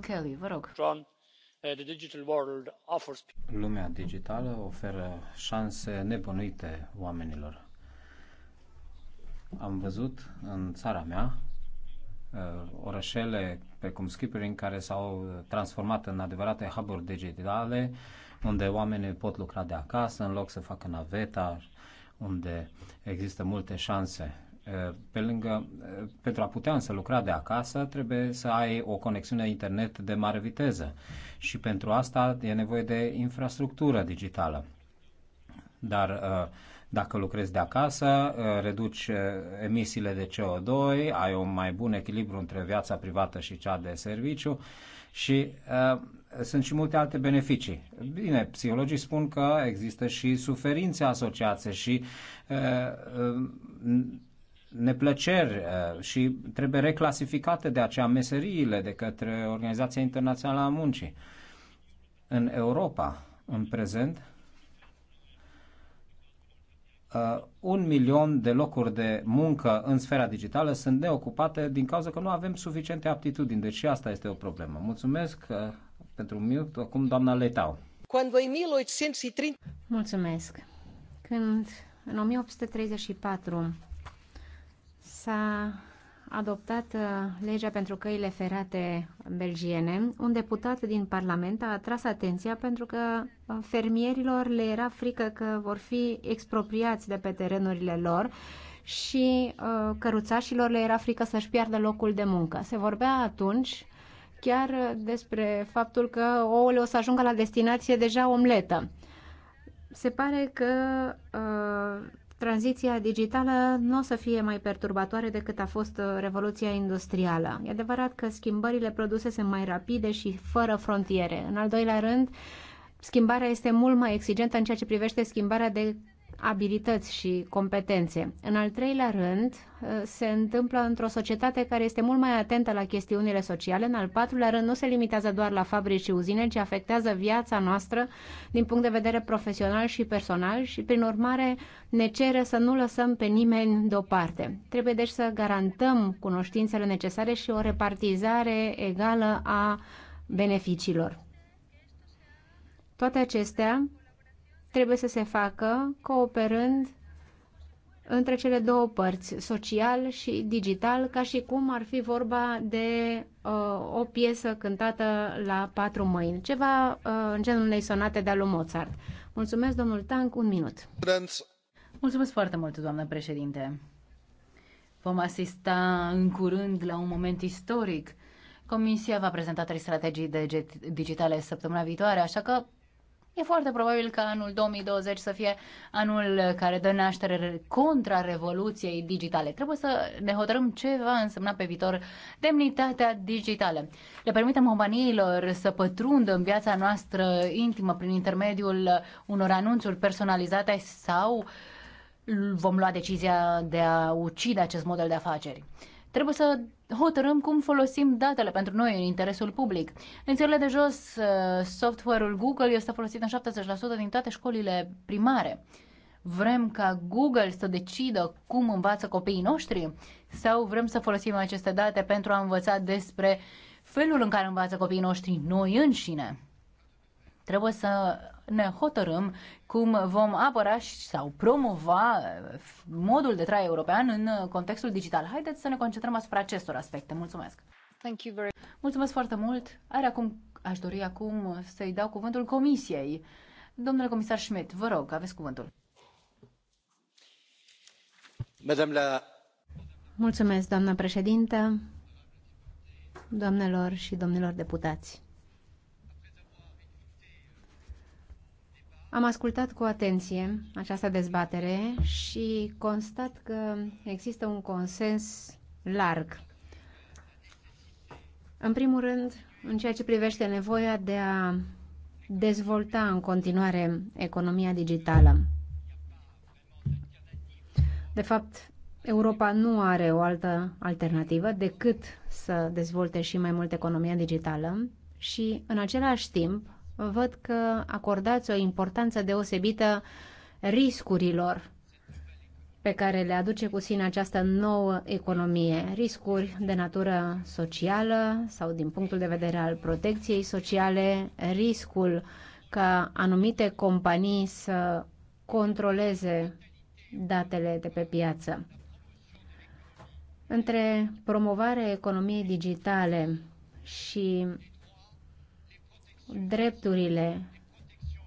Domnul Kelly, vă rog. Uh, Lumea digitală oferă șanse nebănuite oamenilor. Am văzut în țara mea uh, orășele precum Skippering care s-au transformat în adevărate hub digitale unde oamenii pot lucra de acasă în loc să facă naveta, unde există multe șanse Eh, pe lângă, eh, pentru a putea însă lucra de acasă, trebuie să ai o conexiune internet de mare viteză și pentru asta e nevoie de infrastructură digitală. Dar eh, dacă lucrezi de acasă, reduci emisiile de CO2, ai un mai bun echilibru între viața privată și cea de serviciu și sunt și multe alte beneficii. Bine, psihologii spun că există și suferințe asociate și uh, neplăceri uh, și trebuie reclasificate de aceea meseriile de către Organizația Internațională a Muncii. În Europa, în prezent, uh, un milion de locuri de muncă în sfera digitală sunt neocupate din cauza că nu avem suficiente aptitudini. Deci și asta este o problemă. Mulțumesc uh, pentru un minut. Acum doamna Letau. Când Mulțumesc. Când în 1834 s-a adoptat uh, legea pentru căile ferate belgiene, un deputat din Parlament a atras atenția pentru că uh, fermierilor le era frică că vor fi expropriați de pe terenurile lor și uh, căruțașilor le era frică să-și piardă locul de muncă. Se vorbea atunci chiar despre faptul că ouăle o să ajungă la destinație deja omletă. Se pare că uh, tranziția digitală nu o să fie mai perturbatoare decât a fost uh, revoluția industrială. E adevărat că schimbările produse sunt mai rapide și fără frontiere. În al doilea rând, schimbarea este mult mai exigentă în ceea ce privește schimbarea de abilități și competențe. În al treilea rând, uh, se întâmplă într-o societate care este mult mai atentă la chestiunile sociale. În al patrulea rând, nu se limitează doar la fabrici și uzine, ci afectează viața noastră din punct de vedere profesional și personal și, prin urmare, ne cere să nu lăsăm pe nimeni deoparte. Trebuie deci să garantăm cunoștințele necesare și o repartizare egală a beneficiilor. Toate acestea trebuie să se facă cooperând între cele două părți, social și digital, ca și cum ar fi vorba de uh, o piesă cântată la patru mâini, ceva uh, în genul unei sonate de-a lui Mozart. Mulțumesc, domnul Tank, un minut. Mulțumesc foarte mult, doamnă președinte. Vom asista în curând la un moment istoric. Comisia va prezenta trei strategii de digitale săptămâna viitoare, așa că E foarte probabil ca anul 2020 să fie anul care dă naștere contra revoluției digitale. Trebuie să ne hotărâm ce va însemna pe viitor demnitatea digitală. Le permitem companiilor să pătrundă în viața noastră intimă prin intermediul unor anunțuri personalizate sau vom lua decizia de a ucide acest model de afaceri. Trebuie să hotărâm cum folosim datele pentru noi în interesul public. În țările de jos, uh, software-ul Google este folosit în 70% din toate școlile primare. Vrem ca Google să decidă cum învață copiii noștri sau vrem să folosim aceste date pentru a învăța despre felul în care învață copiii noștri noi înșine? Trebuie să ne hotărâm cum vom apăra sau promova eh, modul de trai european în eh, contextul digital. Haideți să ne concentrăm asupra acestor aspecte. Mulțumesc! Thank you very... Mulțumesc foarte mult! Are acum, aș dori acum să-i dau cuvântul Comisiei. Domnule comisar Schmidt, vă rog, aveți cuvântul. Madame la... Mulțumesc, doamnă președintă, doamnelor și domnilor deputați. Am ascultat cu atenție această dezbatere și constat că există un consens larg. În primul rând, în ceea ce privește nevoia de a dezvolta în continuare economia digitală. De fapt, Europa nu are o altă alternativă decât să dezvolte și mai mult economia digitală și, în același timp, văd că acordați o importanță deosebită riscurilor pe care le aduce cu sine această nouă economie. Riscuri de natură socială sau din punctul de vedere al protecției sociale, riscul ca anumite companii să controleze datele de pe piață. Între promovarea economiei digitale și drepturile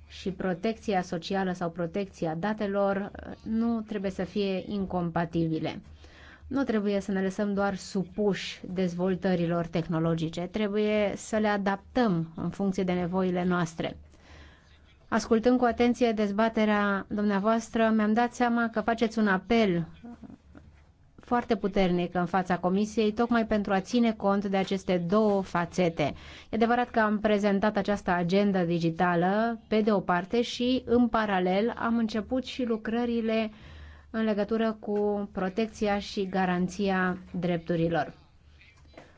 și protecția socială sau protecția datelor uh, nu trebuie să fie incompatibile. Nu trebuie să ne lăsăm doar supuși dezvoltărilor tehnologice, trebuie să le adaptăm în funcție de nevoile noastre. Ascultând cu atenție dezbaterea dumneavoastră, mi-am dat seama că faceți un apel foarte puternic în fața Comisiei, tocmai pentru a ține cont de aceste două fațete. E adevărat că am prezentat această agenda digitală pe de o parte și, în paralel, am început și lucrările în legătură cu protecția și garanția drepturilor.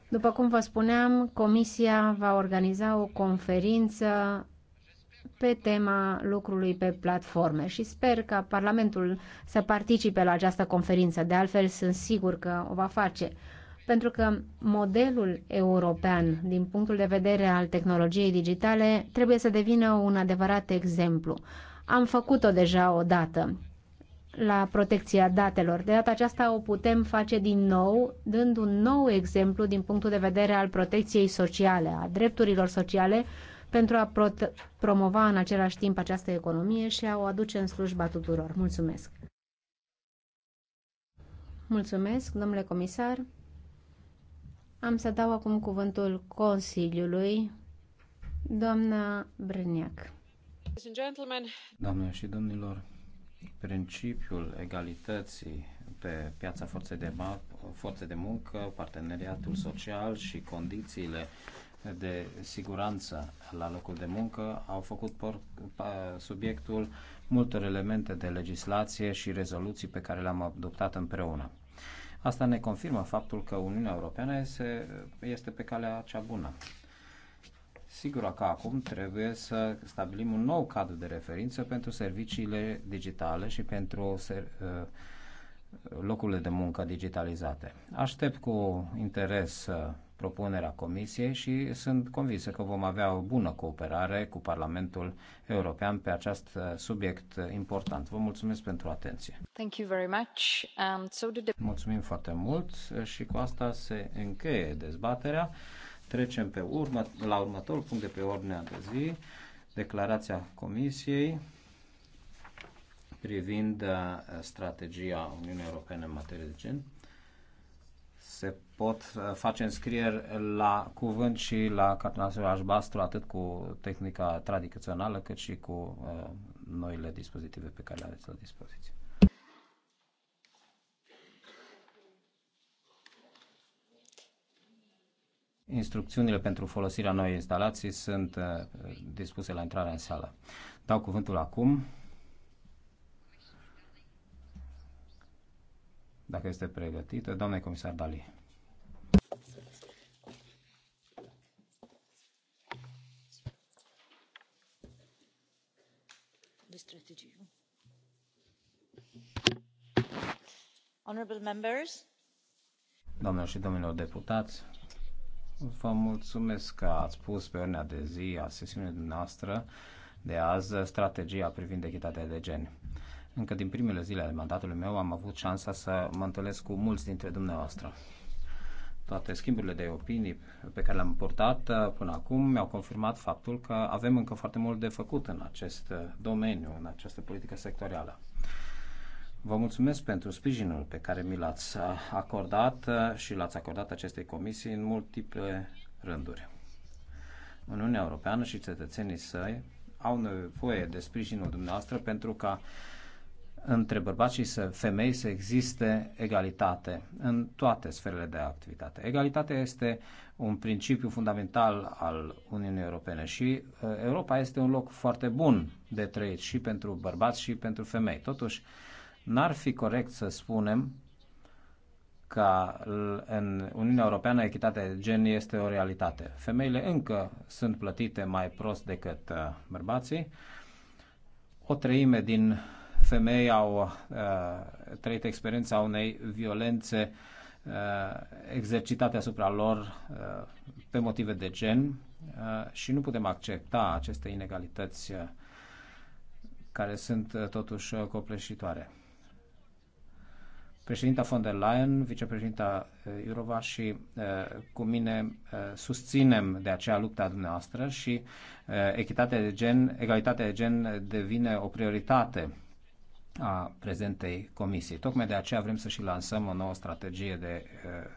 După cum vă spuneam, Comisia va organiza o conferință pe tema lucrului pe platforme și sper ca Parlamentul să participe la această conferință. De altfel, sunt sigur că o va face. Pentru că modelul european, din punctul de vedere al tehnologiei digitale, trebuie să devină un adevărat exemplu. Am făcut-o deja o dată la protecția datelor. De data aceasta o putem face din nou, dând un nou exemplu din punctul de vedere al protecției sociale, a drepturilor sociale, pentru a promova în același timp această economie și a o aduce în slujba tuturor. Mulțumesc! Mulțumesc, domnule comisar. Am să dau acum cuvântul Consiliului, doamna Brâniac. Doamne și domnilor, principiul egalității pe piața forței de, forțe de muncă, parteneriatul social și condițiile de siguranță la locul de muncă au făcut subiectul multor elemente de legislație și rezoluții pe care le-am adoptat împreună. Asta ne confirmă faptul că Uniunea Europeană este pe calea cea bună. Sigur că acum trebuie să stabilim un nou cadru de referință pentru serviciile digitale și pentru ser, uh, locurile de muncă digitalizate. Aștept cu interes uh, propunerea Comisiei și sunt convinsă că vom avea o bună cooperare cu Parlamentul European pe acest uh, subiect important. Vă mulțumesc pentru atenție. Thank you very much. Um, so the... Mulțumim foarte mult uh, și cu asta se încheie dezbaterea. Trecem pe urmă, la următorul punct de pe ordinea de zi, declarația Comisiei privind uh, strategia Uniunii Europene în materie de gen. Se pot uh, face înscrieri la cuvânt și la cartonașul albastru, atât cu tehnica tradițională, cât și cu uh, noile dispozitive pe care le aveți la dispoziție. Instrucțiunile pentru folosirea noii instalații sunt dispuse la intrarea în sală. Dau cuvântul acum dacă este pregătită. Doamne comisar Dali. Doamnelor și domnilor deputați, vă mulțumesc că ați pus pe ordinea de zi a sesiunii noastre de azi strategia privind echitatea de gen. Încă din primele zile ale mandatului meu am avut șansa să mă întâlnesc cu mulți dintre dumneavoastră. Toate schimburile de opinii pe care le-am purtat uh, până acum mi-au confirmat faptul că avem încă foarte mult de făcut în acest uh, domeniu, în această politică sectorială. Vă mulțumesc pentru sprijinul pe care mi l-ați uh, acordat și l-ați acordat acestei comisii în multiple rânduri. Uniunea Europeană și cetățenii săi au nevoie de sprijinul dumneavoastră pentru ca între bărbați și femei să existe egalitate în toate sferele de activitate. Egalitatea este un principiu fundamental al Uniunii Europene și uh, Europa este un loc foarte bun de trăit și pentru bărbați și pentru femei. Totuși, n-ar fi corect să spunem ca în Uniunea Europeană echitatea de gen este o realitate. Femeile încă sunt plătite mai prost decât uh, bărbații. O treime din femei au uh, trăit experiența unei violențe uh, exercitate asupra lor uh, pe motive de gen și nu putem accepta aceste inegalități care sunt totuși copleșitoare. Președinta von der Leyen, vicepreședinta Iurova și cu mine susținem de aceea lupta dumneavoastră și echitatea de gen, egalitatea de gen devine o prioritate a prezentei comisii. Tocmai de aceea vrem să și lansăm o nouă strategie de uh,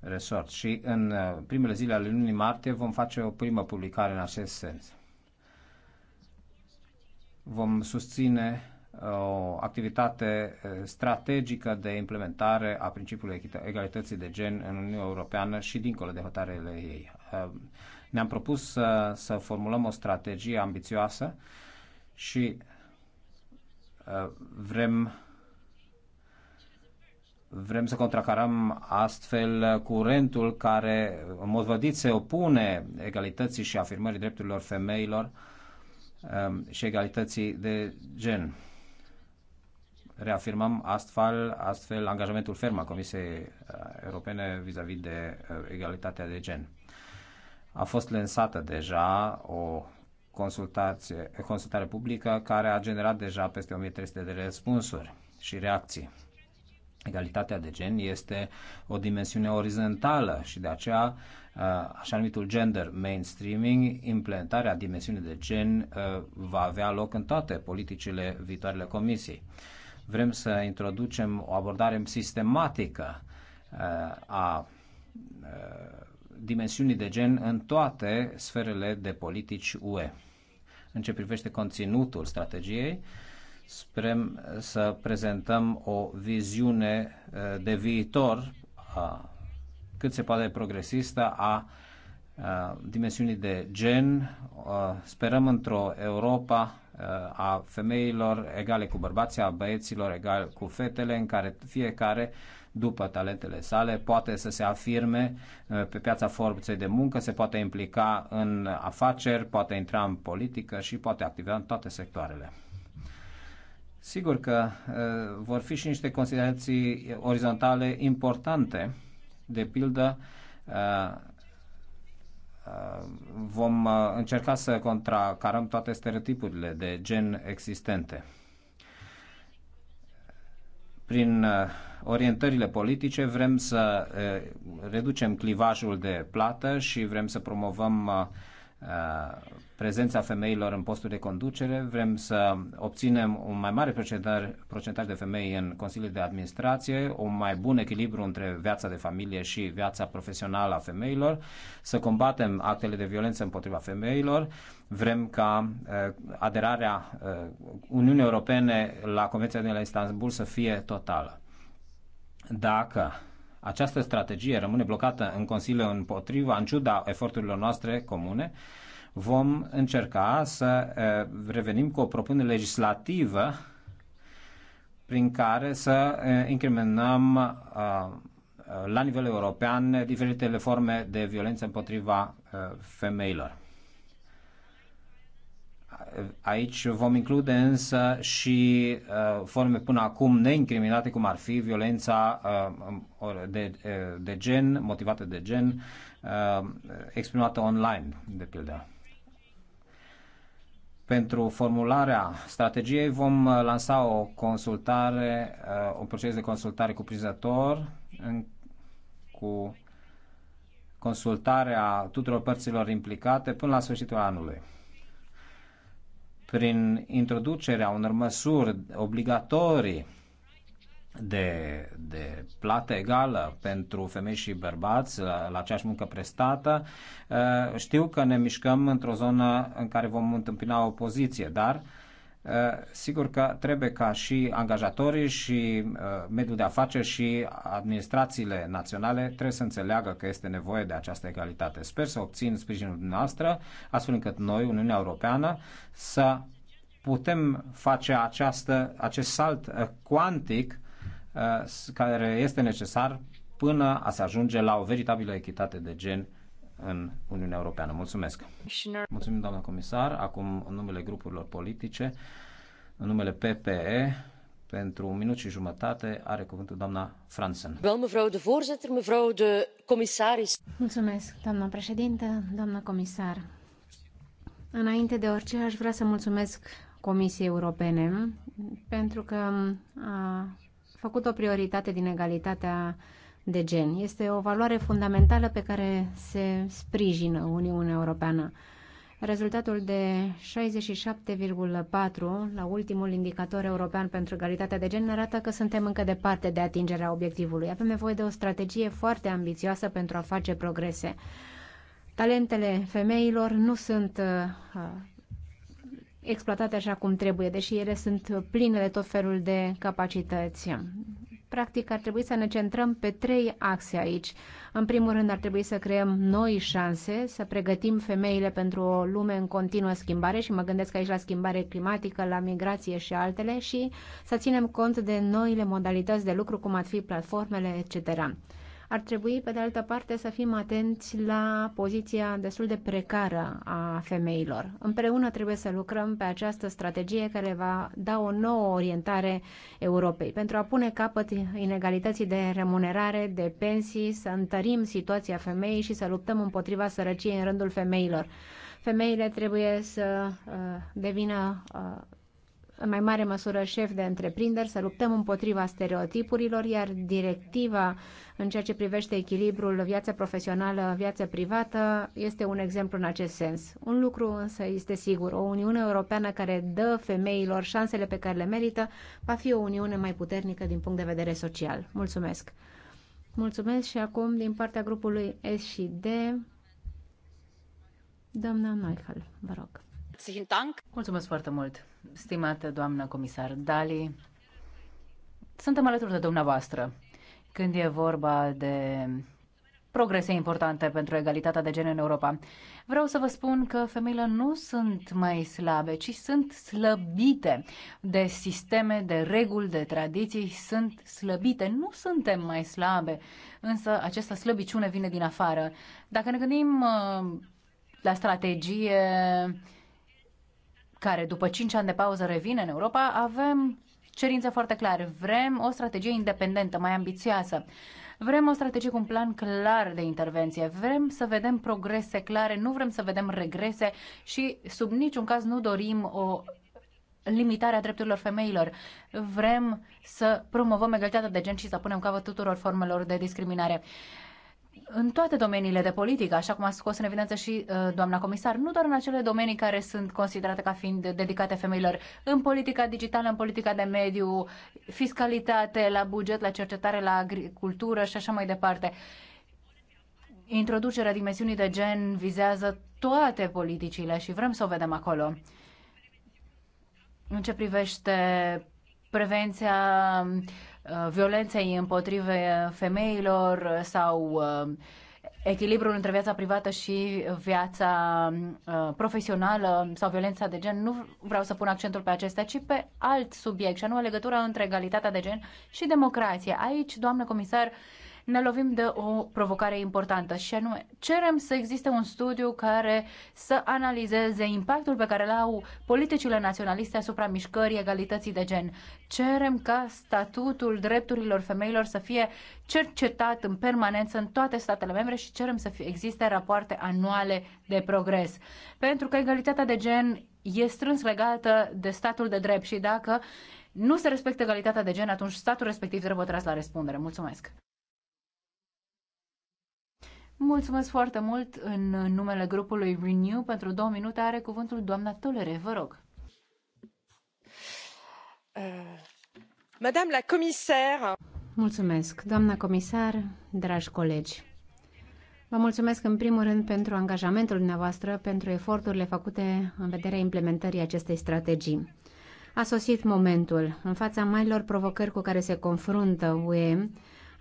resort și în uh, primele zile ale lunii martie vom face o primă publicare în acest sens. Vom susține eh, o activitate strategică de implementare a principiului egalității de gen în Uniunea Europeană și dincolo de hotarele ei. Ne-am propus să, să formulăm o strategie ambițioasă și Uh, vrem vrem să contracarăm astfel curentul care în mod vădit se opune egalității și afirmării drepturilor femeilor um, și egalității de gen. Reafirmăm astfel, astfel angajamentul ferm al Comisiei uh, Europene vis-a-vis -vis de uh, egalitatea de gen. A fost lansată deja o consultație consultare publică care a generat deja peste 1300 de răspunsuri și reacții. Egalitatea de gen este o dimensiune orizontală și de aceea uh, așa numitul gender mainstreaming, implementarea dimensiunii de gen uh, va avea loc în toate politicile viitoarele comisiei. Vrem să introducem o abordare sistematică uh, a dimensiunii de gen în toate sferele de politici UE în ce privește conținutul strategiei. Sperăm eh, să prezentăm o viziune eh, de viitor a, cât se poate progresistă a, a dimensiunii de gen. A, sperăm într-o Europa eh, a femeilor egale cu bărbații, a băieților egale cu fetele, în care fiecare după talentele sale, poate să se afirme uh, pe piața forței de muncă, se poate implica în afaceri, poate intra în politică și poate activa în toate sectoarele. Sigur că uh, vor fi și niște considerații orizontale importante. De pildă, uh, vom încerca să contracarăm toate stereotipurile de gen existente prin uh, orientările politice vrem să uh, reducem clivajul de plată și vrem să promovăm uh, prezența femeilor în posturi de conducere, vrem să obținem un mai mare procentaj, de femei în Consiliul de Administrație, un mai bun echilibru între viața de familie și viața profesională a femeilor, să combatem actele de violență împotriva femeilor, vrem ca eh, aderarea eh, Uniunii Europene la Convenția de la Istanbul să fie totală. Dacă această strategie rămâne blocată în Consiliu împotriva, în ciuda eforturilor noastre comune. Vom încerca să revenim cu o propunere legislativă prin care să incriminăm la nivel european diferitele forme de violență împotriva femeilor. Aici vom include însă și uh, forme până acum neincriminate, cum ar fi violența uh, de, uh, de gen, motivată de gen, exprimată online, de pildă. Pentru formularea strategiei vom lansa o consultare, un proces de consultare cuprinzător în, cu consultarea tuturor părților implicate până la sfârșitul anului prin introducerea unor măsuri obligatorii de, de plată egală pentru femei și bărbați la, uh, la aceeași muncă prestată. Uh, știu că ne mișcăm într-o zonă în care vom întâmpina opoziție, dar uh, Eh, sigur că trebuie ca și angajatorii și eh, mediul de afaceri și administrațiile naționale trebuie să înțeleagă că este nevoie de această egalitate. Sper să obțin sprijinul noastră, astfel încât noi, Uniunea Europeană, să putem face această, acest salt eh, cuantic care este necesar până a se ajunge la o veritabilă echitate de gen în Uniunea Europeană. Mulțumesc! Mulțumim, doamna comisar. Acum, în numele grupurilor politice, în numele PPE, pentru un minut și jumătate are cuvântul doamna Fransen. Mulțumesc, doamna președintă, doamna comisar. Înainte de orice, aș vrea să mulțumesc Comisiei Europene pentru că a făcut o prioritate din egalitatea de gen. Este o valoare fundamentală pe care se sprijină Uniunea Europeană. Rezultatul de 67,4 la ultimul indicator european pentru egalitatea de gen arată că suntem încă departe de atingerea obiectivului. Avem nevoie de o strategie foarte ambițioasă pentru a face progrese. Talentele femeilor nu sunt uh, exploatate așa cum trebuie, deși ele sunt pline de tot felul de capacități practic ar trebui să ne centrăm pe trei axe aici. În primul rând ar trebui să creăm noi șanse, să pregătim femeile pentru o lume în continuă schimbare și mă gândesc aici la schimbare climatică, la migrație și altele și să ținem cont de noile modalități de lucru, cum ar fi platformele, etc. Ar trebui, pe de altă parte, să fim atenți la poziția destul de precară a femeilor. Împreună trebuie să lucrăm pe această strategie care va da o nouă orientare Europei pentru a pune capăt inegalității de remunerare, de pensii, să întărim situația femeii și să luptăm împotriva sărăciei în rândul femeilor. Femeile trebuie să uh, devină uh, în mai mare măsură șef de întreprinderi, să luptăm împotriva stereotipurilor, iar directiva în ceea ce privește echilibrul viața profesională, viața privată, este un exemplu în acest sens. Un lucru însă este sigur, o Uniune Europeană care dă femeilor șansele pe care le merită, va fi o Uniune mai puternică din punct de vedere social. Mulțumesc! Mulțumesc și acum din partea grupului S și D, doamna Neuchel, vă rog. Herzlichen Dank. Mulțumesc foarte mult, stimată doamnă comisar Dali. Suntem alături de dumneavoastră când e vorba de progrese importante pentru egalitatea de gen în Europa. Vreau să vă spun că femeile nu sunt mai slabe, ci sunt slăbite de sisteme, de reguli, de tradiții, sunt slăbite. Nu suntem mai slabe, însă această slăbiciune vine din afară. Dacă ne gândim uh, la strategie care după 5 ani de pauză revine în Europa, avem cerințe foarte clare. Vrem o strategie independentă, mai ambițioasă. Vrem o strategie cu un plan clar de intervenție. Vrem să vedem progrese clare, nu vrem să vedem regrese și sub niciun caz nu dorim o limitarea drepturilor femeilor. Vrem să promovăm egalitatea de gen și să punem capăt tuturor formelor de discriminare în toate domeniile de politică, așa cum a scos în evidență și uh, doamna comisar, nu doar în acele domenii care sunt considerate ca fiind dedicate femeilor, în politica digitală, în politica de mediu, fiscalitate, la buget, la cercetare, la agricultură și așa mai departe. Introducerea dimensiunii de gen vizează toate politicile și vrem să o vedem acolo. În ce privește prevenția uh, Uh, violenței împotriva femeilor sau uh, echilibrul între viața privată și viața uh, profesională sau violența de gen, nu vreau să pun accentul pe acestea, ci pe alt subiect, și anume legătura între egalitatea de gen și democrație. Aici, doamnă comisar, ne lovim de o provocare importantă și anume cerem să existe un studiu care să analizeze impactul pe care îl au politicile naționaliste asupra mișcării egalității de gen. Cerem ca statutul drepturilor femeilor să fie cercetat în permanență în toate statele membre și cerem să fie, existe rapoarte anuale de progres. Pentru că egalitatea de gen e strâns legată de statul de drept și dacă nu se respectă egalitatea de gen, atunci statul respectiv trebuie tras la răspundere. Mulțumesc! Mulțumesc foarte mult în numele grupului Renew. Pentru două minute are cuvântul doamna Tolere, vă rog. Uh, Madame la comisar. Mulțumesc, doamna comisar, dragi colegi. Vă mulțumesc în primul rând pentru angajamentul dumneavoastră, pentru eforturile făcute în vederea implementării acestei strategii. A sosit momentul. În fața marilor provocări cu care se confruntă UE,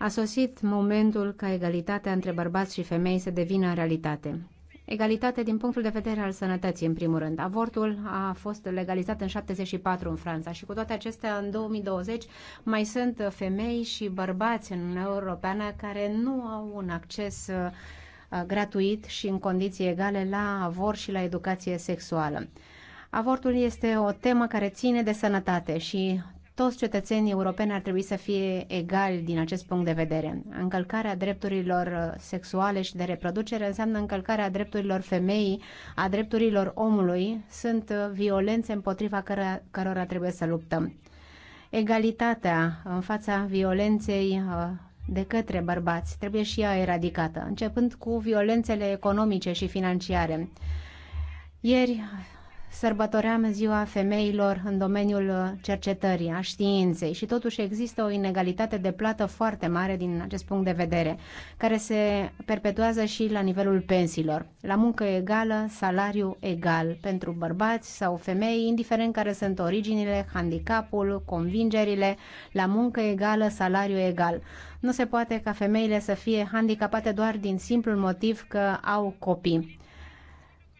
a sosit momentul ca egalitatea între bărbați și femei să devină realitate. Egalitate din punctul de vedere al sănătății, în primul rând. Avortul a fost legalizat în 74 în Franța și cu toate acestea, în 2020, mai sunt femei și bărbați în Uniunea Europeană care nu au un acces uh, gratuit și în condiții egale la avort și la educație sexuală. Avortul este o temă care ține de sănătate și toți cetățenii europeni ar trebui să fie egali din acest punct de vedere. Încălcarea drepturilor uh, sexuale și de reproducere înseamnă încălcarea drepturilor femeii, a drepturilor omului. Sunt uh, violențe împotriva căra, cărora trebuie să luptăm. Egalitatea în fața violenței uh, de către bărbați trebuie și ea eradicată, începând cu violențele economice și financiare. Ieri sărbătoream ziua femeilor în domeniul cercetării, a științei și totuși există o inegalitate de plată foarte mare din acest punct de vedere, care se perpetuează și la nivelul pensiilor. La muncă egală, salariu egal pentru bărbați sau femei, indiferent care sunt originile, handicapul, convingerile, la muncă egală, salariu egal. Nu se poate ca femeile să fie handicapate doar din simplul motiv că au copii.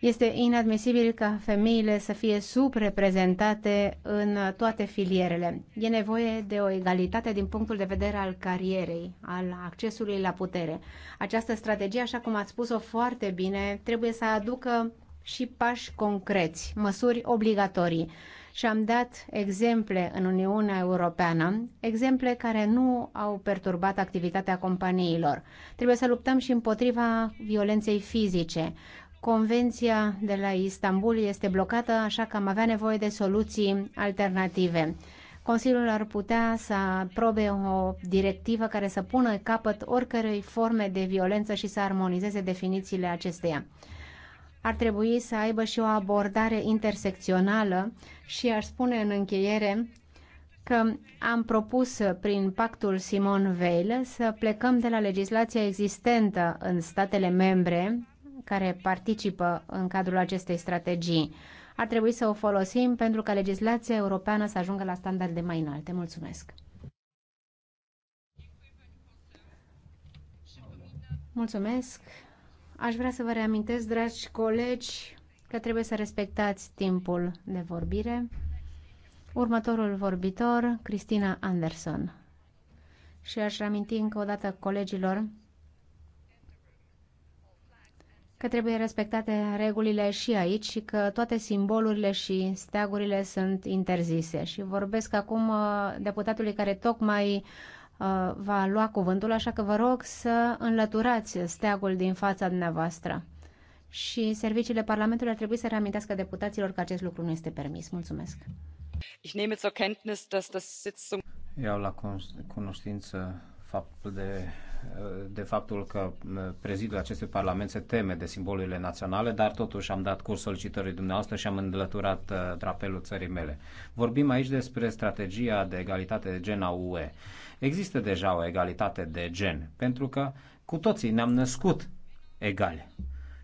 Este inadmisibil ca femeile să fie subreprezentate în toate filierele. E nevoie de o egalitate din punctul de vedere al carierei, al accesului la putere. Această strategie, așa cum ați spus-o foarte bine, trebuie să aducă și pași concreți, măsuri obligatorii. Și am dat exemple în Uniunea Europeană, exemple care nu au perturbat activitatea companiilor. Trebuie să luptăm și împotriva violenței fizice. Convenția de la Istanbul este blocată, așa că am avea nevoie de soluții alternative. Consiliul ar putea să aprobe o directivă care să pună capăt oricărei forme de violență și să armonizeze definițiile acesteia. Ar trebui să aibă și o abordare intersecțională și aș spune în încheiere că am propus prin pactul Simon Veil să plecăm de la legislația existentă în statele membre care participă în cadrul acestei strategii. Ar trebui să o folosim pentru ca legislația europeană să ajungă la standarde mai înalte. Mulțumesc! Mulțumesc! Aș vrea să vă reamintesc, dragi colegi, că trebuie să respectați timpul de vorbire. Următorul vorbitor, Cristina Anderson. Și aș reaminti încă o dată colegilor că trebuie respectate regulile și aici și că toate simbolurile și steagurile sunt interzise. Și vorbesc acum uh, deputatului care tocmai uh, va lua cuvântul, așa că vă rog să înlăturați steagul din fața dumneavoastră. Și serviciile Parlamentului ar trebui să reamintească deputaților că acest lucru nu este permis. Mulțumesc. Ich nehme zur Kenntnis, dass das Sitzung... Iau la cunoștință faptul de de faptul că prezidul acestui parlament se teme de simbolurile naționale, dar totuși am dat curs solicitării dumneavoastră și am îndlăturat uh, drapelul țării mele. Vorbim aici despre strategia de egalitate de gen a UE. Există deja o egalitate de gen, pentru că cu toții ne-am născut egali.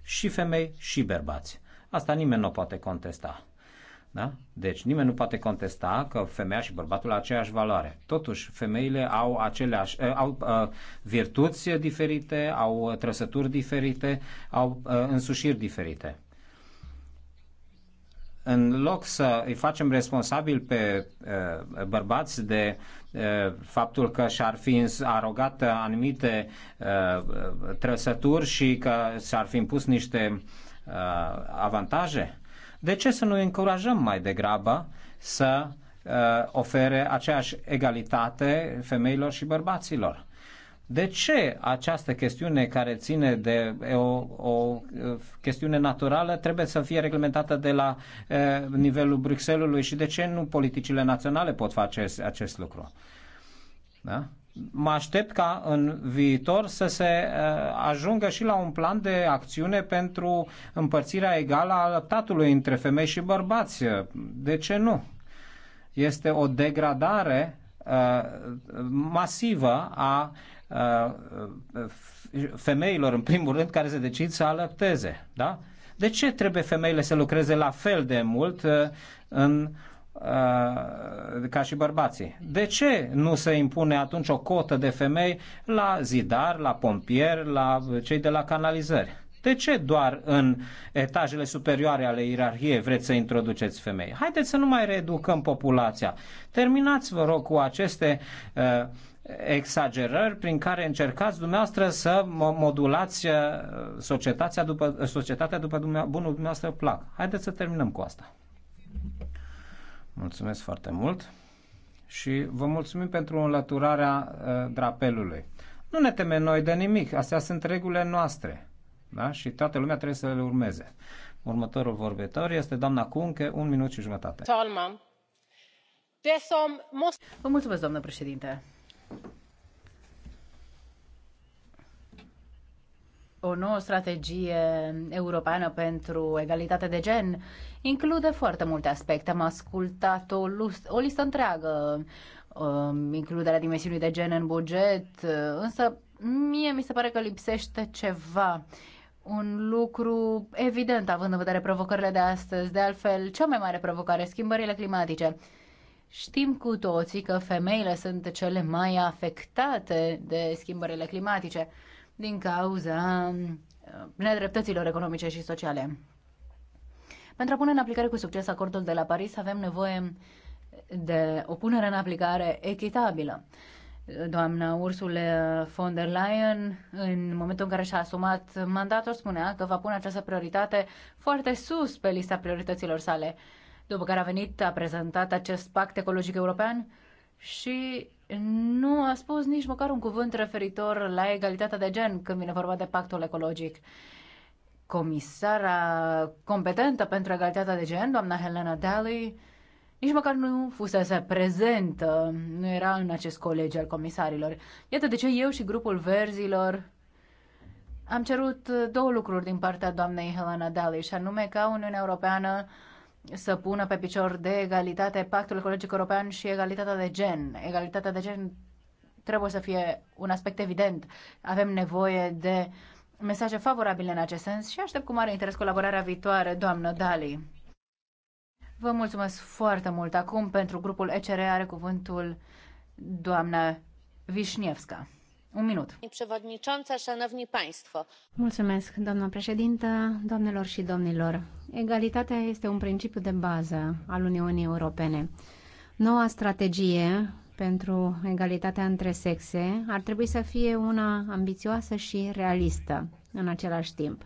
Și femei, și bărbați. Asta nimeni nu poate contesta. Da? Deci nimeni nu poate contesta că femeia și bărbatul au aceeași valoare. Totuși, femeile au aceleași, eh, au uh, virtuți diferite, au eh, trăsături diferite, au uh, însușiri diferite. În loc să îi facem responsabil pe uh, bărbați de uh, faptul că și-ar fi arogat anumite uh, trăsături și că s-ar fi impus niște uh, avantaje, de ce să nu încurajăm mai degrabă să uh, ofere aceeași egalitate femeilor și bărbaților? De ce această chestiune care ține de o, o uh, chestiune naturală trebuie să fie reglementată de la e, uh, nivelul Bruxellesului și de ce nu politicile naționale pot face acest, acest lucru? Da? mă aștept ca în viitor să se eh, ajungă și la un plan de acțiune pentru împărțirea egală a lăptatului între femei și bărbați. De ce nu? Este o degradare eh, masivă a eh, femeilor, în primul rând, care se decid să alăpteze. Da? De ce trebuie femeile să lucreze la fel de mult în Uh, ca și bărbații. De ce nu se impune atunci o cotă de femei la zidar, la pompier, la cei de la canalizări? De ce doar în etajele superioare ale ierarhiei vreți să introduceți femei? Haideți să nu mai reeducăm populația. Terminați, vă rog, cu aceste uh, exagerări prin care încercați dumneavoastră să modulați uh, societatea după, societatea după dumneavoastră, bunul dumneavoastră plac. Haideți să terminăm cu asta. Mulțumesc foarte mult și vă mulțumim pentru înlăturarea uh, drapelului. Nu ne temem noi de nimic, astea sunt regulile noastre da? și toată lumea trebuie să le urmeze. Următorul vorbitor este doamna Cunche, un minut și jumătate. Vă mulțumesc, doamnă președinte. o nouă strategie europeană pentru egalitate de gen include foarte multe aspecte. Am ascultat o, lust, o listă întreagă, um, includerea dimensiunii de gen în buget, uh, însă mie mi se pare că lipsește ceva. Un lucru evident, având în vedere provocările de astăzi, de altfel, cea mai mare provocare, schimbările climatice. Știm cu toții că femeile sunt cele mai afectate de schimbările climatice din cauza uh, nedreptăților economice și sociale. Pentru a pune în aplicare cu succes acordul de la Paris, avem nevoie de o punere în aplicare echitabilă. Doamna Ursula von der Leyen, în momentul în care și-a asumat mandatul, spunea că va pune această prioritate foarte sus pe lista priorităților sale. După care a venit, a prezentat acest pact ecologic european și nu a spus nici măcar un cuvânt referitor la egalitatea de gen când vine vorba de pactul ecologic. Comisara competentă pentru egalitatea de gen, doamna Helena Daly, nici măcar nu fusese prezentă, nu era în acest colegi al comisarilor. Iată de ce eu și grupul verzilor am cerut două lucruri din partea doamnei Helena Daly, și anume ca Uniunea Europeană să pună pe picior de egalitate Pactul Ecologic European și egalitatea de gen. Egalitatea de gen trebuie să fie un aspect evident. Avem nevoie de mesaje favorabile în acest sens și aștept cu mare interes colaborarea viitoare, doamnă Dali. Vă mulțumesc foarte mult. Acum, pentru grupul ECR, are cuvântul doamna Vișnievska doamnă președintă, doamnelor și domnilor. Egalitatea este un principiu de bază al Uniunii Europene. Noua strategie pentru egalitatea între sexe ar trebui să fie una ambițioasă și realistă în același timp.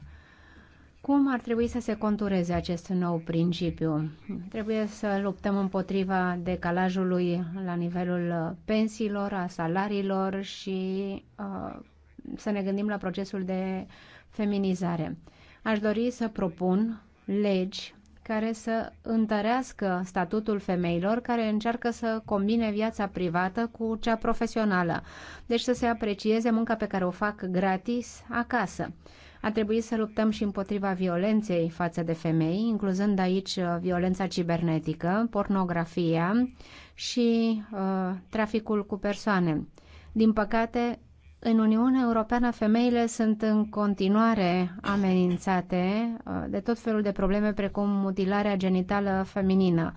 Cum ar trebui să se contureze acest nou principiu? Trebuie să luptăm împotriva decalajului la nivelul uh, pensiilor, a salariilor și uh, să ne gândim la procesul de feminizare. Aș dori să propun legi care să întărească statutul femeilor care încearcă să combine viața privată cu cea profesională, deci să se aprecieze munca pe care o fac gratis acasă. A trebuit să luptăm și împotriva violenței față de femei, incluzând aici uh, violența cibernetică, pornografia și uh, traficul cu persoane. Din păcate, în Uniunea Europeană femeile sunt în continuare amenințate uh, de tot felul de probleme precum mutilarea genitală feminină.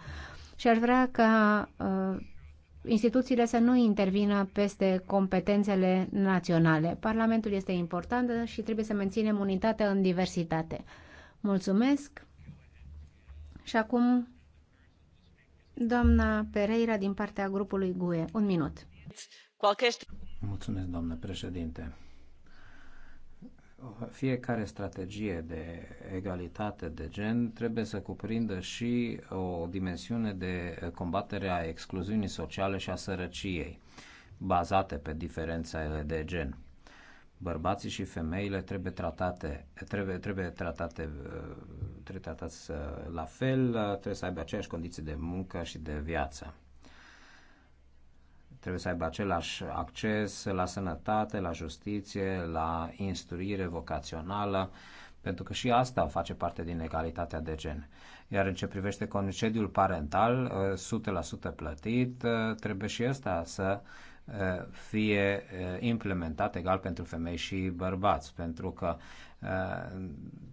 Și aș vrea ca uh, instituțiile să nu intervină peste competențele naționale. Parlamentul este important și trebuie să menținem unitatea în diversitate. Mulțumesc! Și acum, doamna Pereira din partea grupului GUE. Un minut. Mulțumesc, doamnă președinte fiecare strategie de egalitate de gen trebuie să cuprindă și o dimensiune de combatere a excluziunii sociale și a sărăciei, bazate pe diferențele de gen. Bărbații și femeile trebuie tratate, trebuie, trebuie tratate, trebuie tratați la fel, trebuie să aibă aceeași condiții de muncă și de viață. Trebuie să aibă același acces la sănătate, la justiție, la instruire vocațională, pentru că și asta face parte din egalitatea de gen. Iar în ce privește concediul parental, 100% plătit, trebuie și ăsta să eh, fie eh, implementat egal pentru femei și bărbați, pentru că Uh,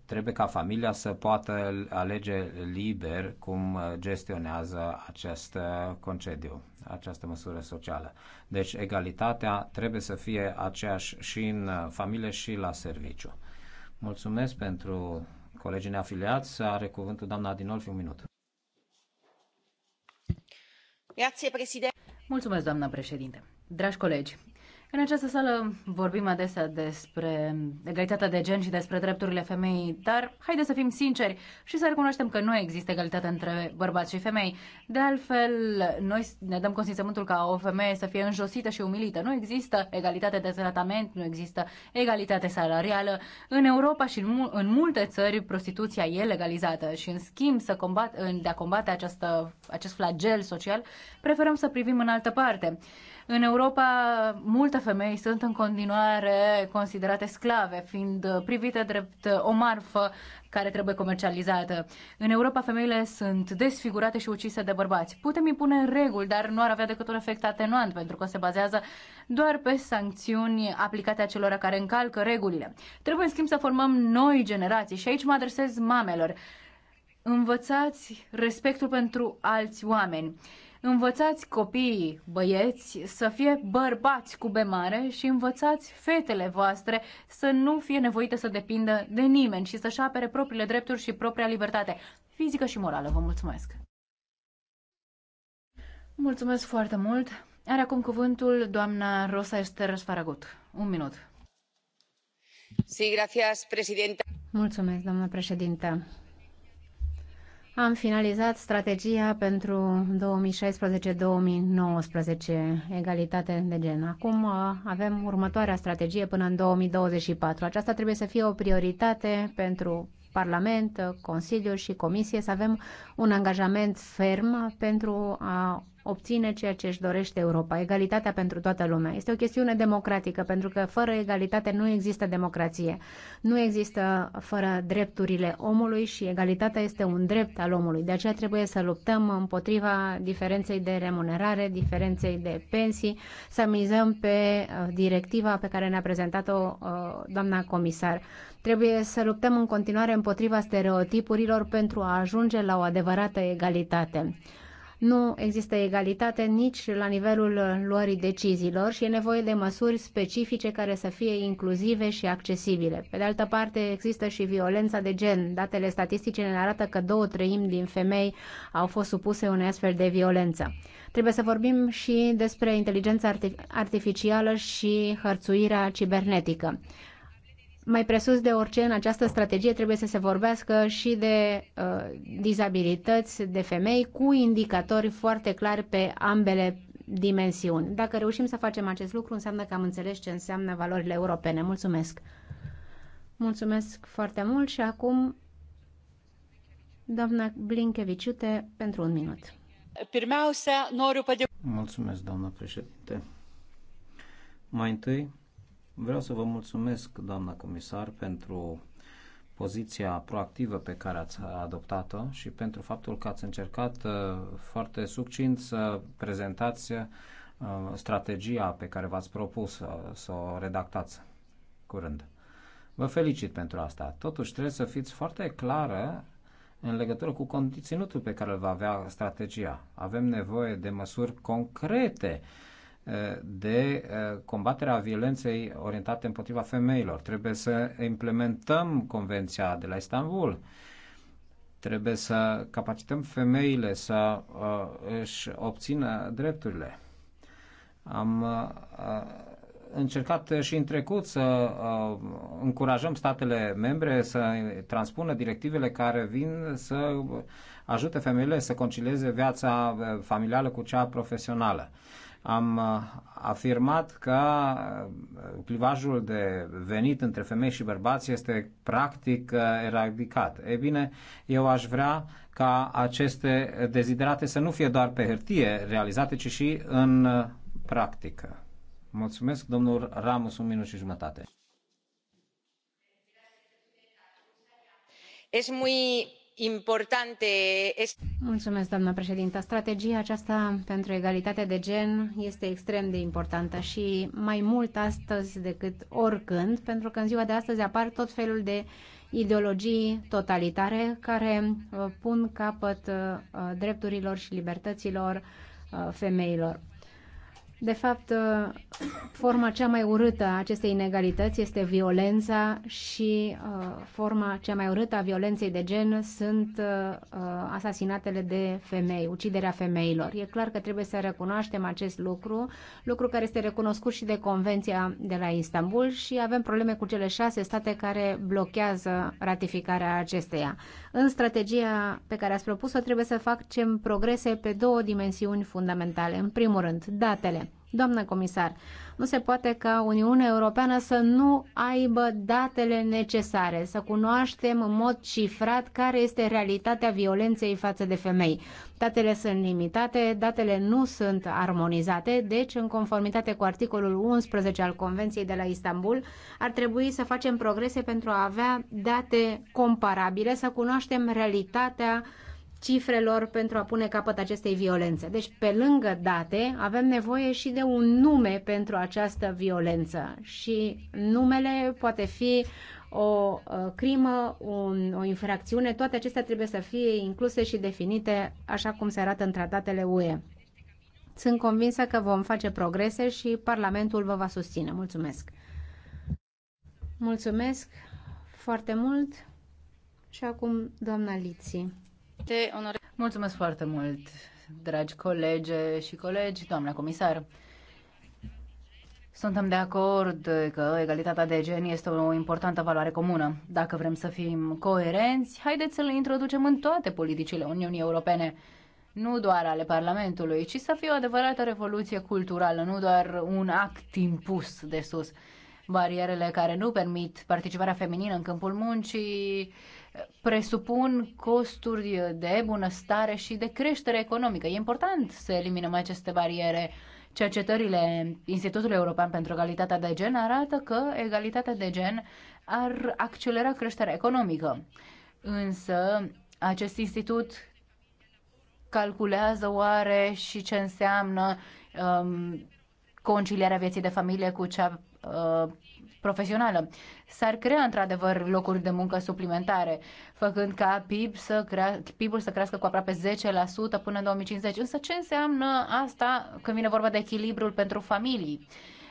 trebuie ca familia să poată alege liber cum uh, gestionează acest uh, concediu, această măsură socială. Deci egalitatea trebuie să fie aceeași și în familie și la serviciu. Mulțumesc pentru colegii neafiliați. Are cuvântul doamna Adinolfi un minut. Grazie, Mulțumesc, doamna președinte. Dragi colegi, în această sală vorbim adesea despre egalitatea de gen și despre drepturile femeii, dar haideți să fim sinceri și să recunoaștem că nu există egalitate între bărbați și femei. De altfel, noi ne dăm consimțământul ca o femeie să fie înjosită și umilită. Nu există egalitate de tratament, nu există egalitate salarială. În Europa și în, mul- în multe țări prostituția e legalizată și, în schimb, să combat, de a combate această, acest flagel social, preferăm să privim în altă parte. În Europa, multe femei sunt în continuare considerate sclave, fiind privite drept o marfă care trebuie comercializată. În Europa, femeile sunt desfigurate și ucise de bărbați. Putem impune reguli, dar nu ar avea decât un efect atenuant, pentru că se bazează doar pe sancțiuni aplicate acelora care încalcă regulile. Trebuie, în schimb, să formăm noi generații și aici mă adresez mamelor învățați respectul pentru alți oameni. Învățați copiii, băieți, să fie bărbați cu bemare mare și învățați fetele voastre să nu fie nevoite să depindă de nimeni și să-și apere propriile drepturi și propria libertate, fizică și morală. Vă mulțumesc! Mulțumesc foarte mult! Are acum cuvântul doamna Rosa Esther Sfaragut. Un minut. Sí, gracias, presidenta. Mulțumesc, doamnă președintă am finalizat strategia pentru 2016-2019, egalitate de gen. Acum uh, avem următoarea strategie până în 2024. Aceasta trebuie să fie o prioritate pentru Parlament, Consiliu și Comisie să avem un angajament ferm pentru a obține ceea ce își dorește Europa, egalitatea pentru toată lumea. Este o chestiune democratică, pentru că fără egalitate nu există democrație. Nu există fără drepturile omului și egalitatea este un drept al omului. De aceea trebuie să luptăm împotriva diferenței de remunerare, diferenței de pensii, să mizăm pe uh, directiva pe care ne-a prezentat-o uh, doamna comisar. Trebuie să luptăm în continuare împotriva stereotipurilor pentru a ajunge la o adevărată egalitate nu există egalitate nici la nivelul luării deciziilor și e nevoie de măsuri specifice care să fie inclusive și accesibile. Pe de altă parte, există și violența de gen. Datele statistice ne arată că două treimi din femei au fost supuse unei astfel de violență. Trebuie să vorbim și despre inteligența artificială și hărțuirea cibernetică mai presus de orice, în această strategie trebuie să se vorbească și de uh, dizabilități, de femei, cu indicatori foarte clari pe ambele dimensiuni. Dacă reușim să facem acest lucru, înseamnă că am înțeles ce înseamnă valorile europene. Mulțumesc! Mulțumesc foarte mult și acum doamna Blinkeviciute pentru un minut. Mulțumesc, doamna președinte. Mai întâi, Vreau să vă mulțumesc, doamna comisar, pentru poziția proactivă pe care ați adoptat-o și pentru faptul că ați încercat uh, foarte succint să prezentați uh, strategia pe care v-ați propus uh, să o redactați curând. Vă felicit pentru asta. Totuși trebuie să fiți foarte clară în legătură cu conținutul pe care îl va avea strategia. Avem nevoie de măsuri concrete uh, de eh, combaterea violenței orientate împotriva femeilor. Trebuie să implementăm Convenția de la Istanbul. Trebuie să capacităm femeile să eh, își obțină drepturile. Am eh, încercat și în trecut să încurajăm statele membre să transpună directivele care vin să ajute femeile să concilieze viața familială cu cea profesională am uh, afirmat că uh, clivajul de venit între femei și bărbați este practic uh, eradicat. E bine, eu aș vrea ca aceste deziderate să nu fie doar pe hârtie realizate, ci și în practică. Mulțumesc, domnul Ramos, un minut și jumătate. Es muy importante Mulțumesc, doamnă președintă. Strategia aceasta pentru egalitate de gen este extrem de importantă și mai mult astăzi decât oricând, pentru că în ziua de astăzi apar tot felul de ideologii totalitare care uh, pun capăt uh, drepturilor și libertăților uh, femeilor. De fapt, uh, forma cea mai urâtă a acestei inegalități este violența și uh, forma cea mai urâtă a violenței de gen sunt uh, asasinatele de femei, uciderea femeilor. E clar că trebuie să recunoaștem acest lucru, lucru care este recunoscut și de Convenția de la Istanbul și avem probleme cu cele șase state care blochează ratificarea acesteia. În strategia pe care ați propus-o trebuie să facem progrese pe două dimensiuni fundamentale. În primul rând, datele. Doamna comisar, nu se poate ca Uniunea Europeană să nu aibă datele necesare, să cunoaștem în mod cifrat care este realitatea violenței față de femei. Datele sunt limitate, datele nu sunt armonizate, deci, în conformitate cu articolul 11 al Convenției de la Istanbul, ar trebui să facem progrese pentru a avea date comparabile, să cunoaștem realitatea cifrelor pentru a pune capăt acestei violențe. Deci, pe lângă date, avem nevoie și de un nume pentru această violență și numele poate fi o crimă, un, o infracțiune, toate acestea trebuie să fie incluse și definite așa cum se arată în tratatele UE. Sunt convinsă că vom face progrese și Parlamentul vă va susține. Mulțumesc! Mulțumesc foarte mult și acum doamna Liții. Mulțumesc foarte mult, dragi colege și colegi, doamna comisar. Suntem de acord că egalitatea de gen este o importantă valoare comună. Dacă vrem să fim coerenți, haideți să le introducem în toate politicile Uniunii Europene, nu doar ale Parlamentului, ci să fie o adevărată revoluție culturală, nu doar un act impus de sus. Barierele care nu permit participarea feminină în câmpul muncii, presupun costuri de bunăstare și de creștere economică. E important să eliminăm aceste bariere. Cercetările Institutului European pentru Egalitatea de Gen arată că egalitatea de gen ar accelera creșterea economică. Însă, acest institut calculează oare și ce înseamnă um, conciliarea vieții de familie cu cea Uh, profesională. S-ar crea într-adevăr locuri de muncă suplimentare, făcând ca PIB să crea, PIB-ul să crească cu aproape 10% până în 2050. Însă ce înseamnă asta când vine vorba de echilibrul pentru familii?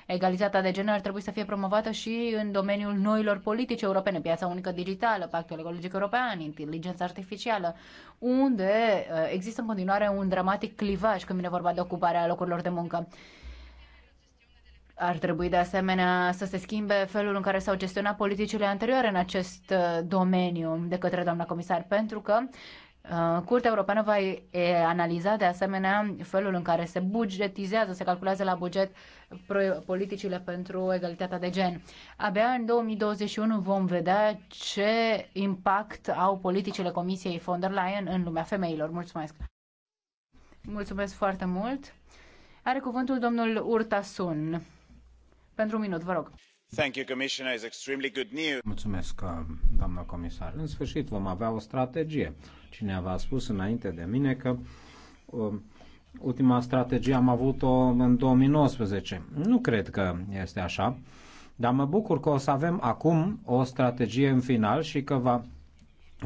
Egalitatea de gen ar trebui să fie promovată și în domeniul noilor politici europene, piața unică digitală, pactul ecologic european, inteligența artificială, unde uh, există în continuare un dramatic clivaj când vine vorba de ocuparea locurilor de muncă. Ar trebui de asemenea să se schimbe felul în care s-au gestionat politicile anterioare în acest uh, domeniu de către doamna comisar, pentru că uh, Curtea Europeană va analiza de asemenea felul în care se bugetizează, se calculează la buget politicile pentru egalitatea de gen. Abia în 2021 vom vedea ce impact au politicile Comisiei von der Leyen în lumea femeilor. Mulțumesc! Mulțumesc foarte mult! Are cuvântul domnul Urtasun. Pentru un minut, vă rog. Thank you, Commissioner. It's extremely good news. Mulțumesc, uh, doamna comisar. În sfârșit vom avea o strategie. Cineva a spus înainte de mine că uh, ultima strategie am avut-o în 2019. Nu cred că este așa, dar mă bucur că o să avem acum o strategie în final și că va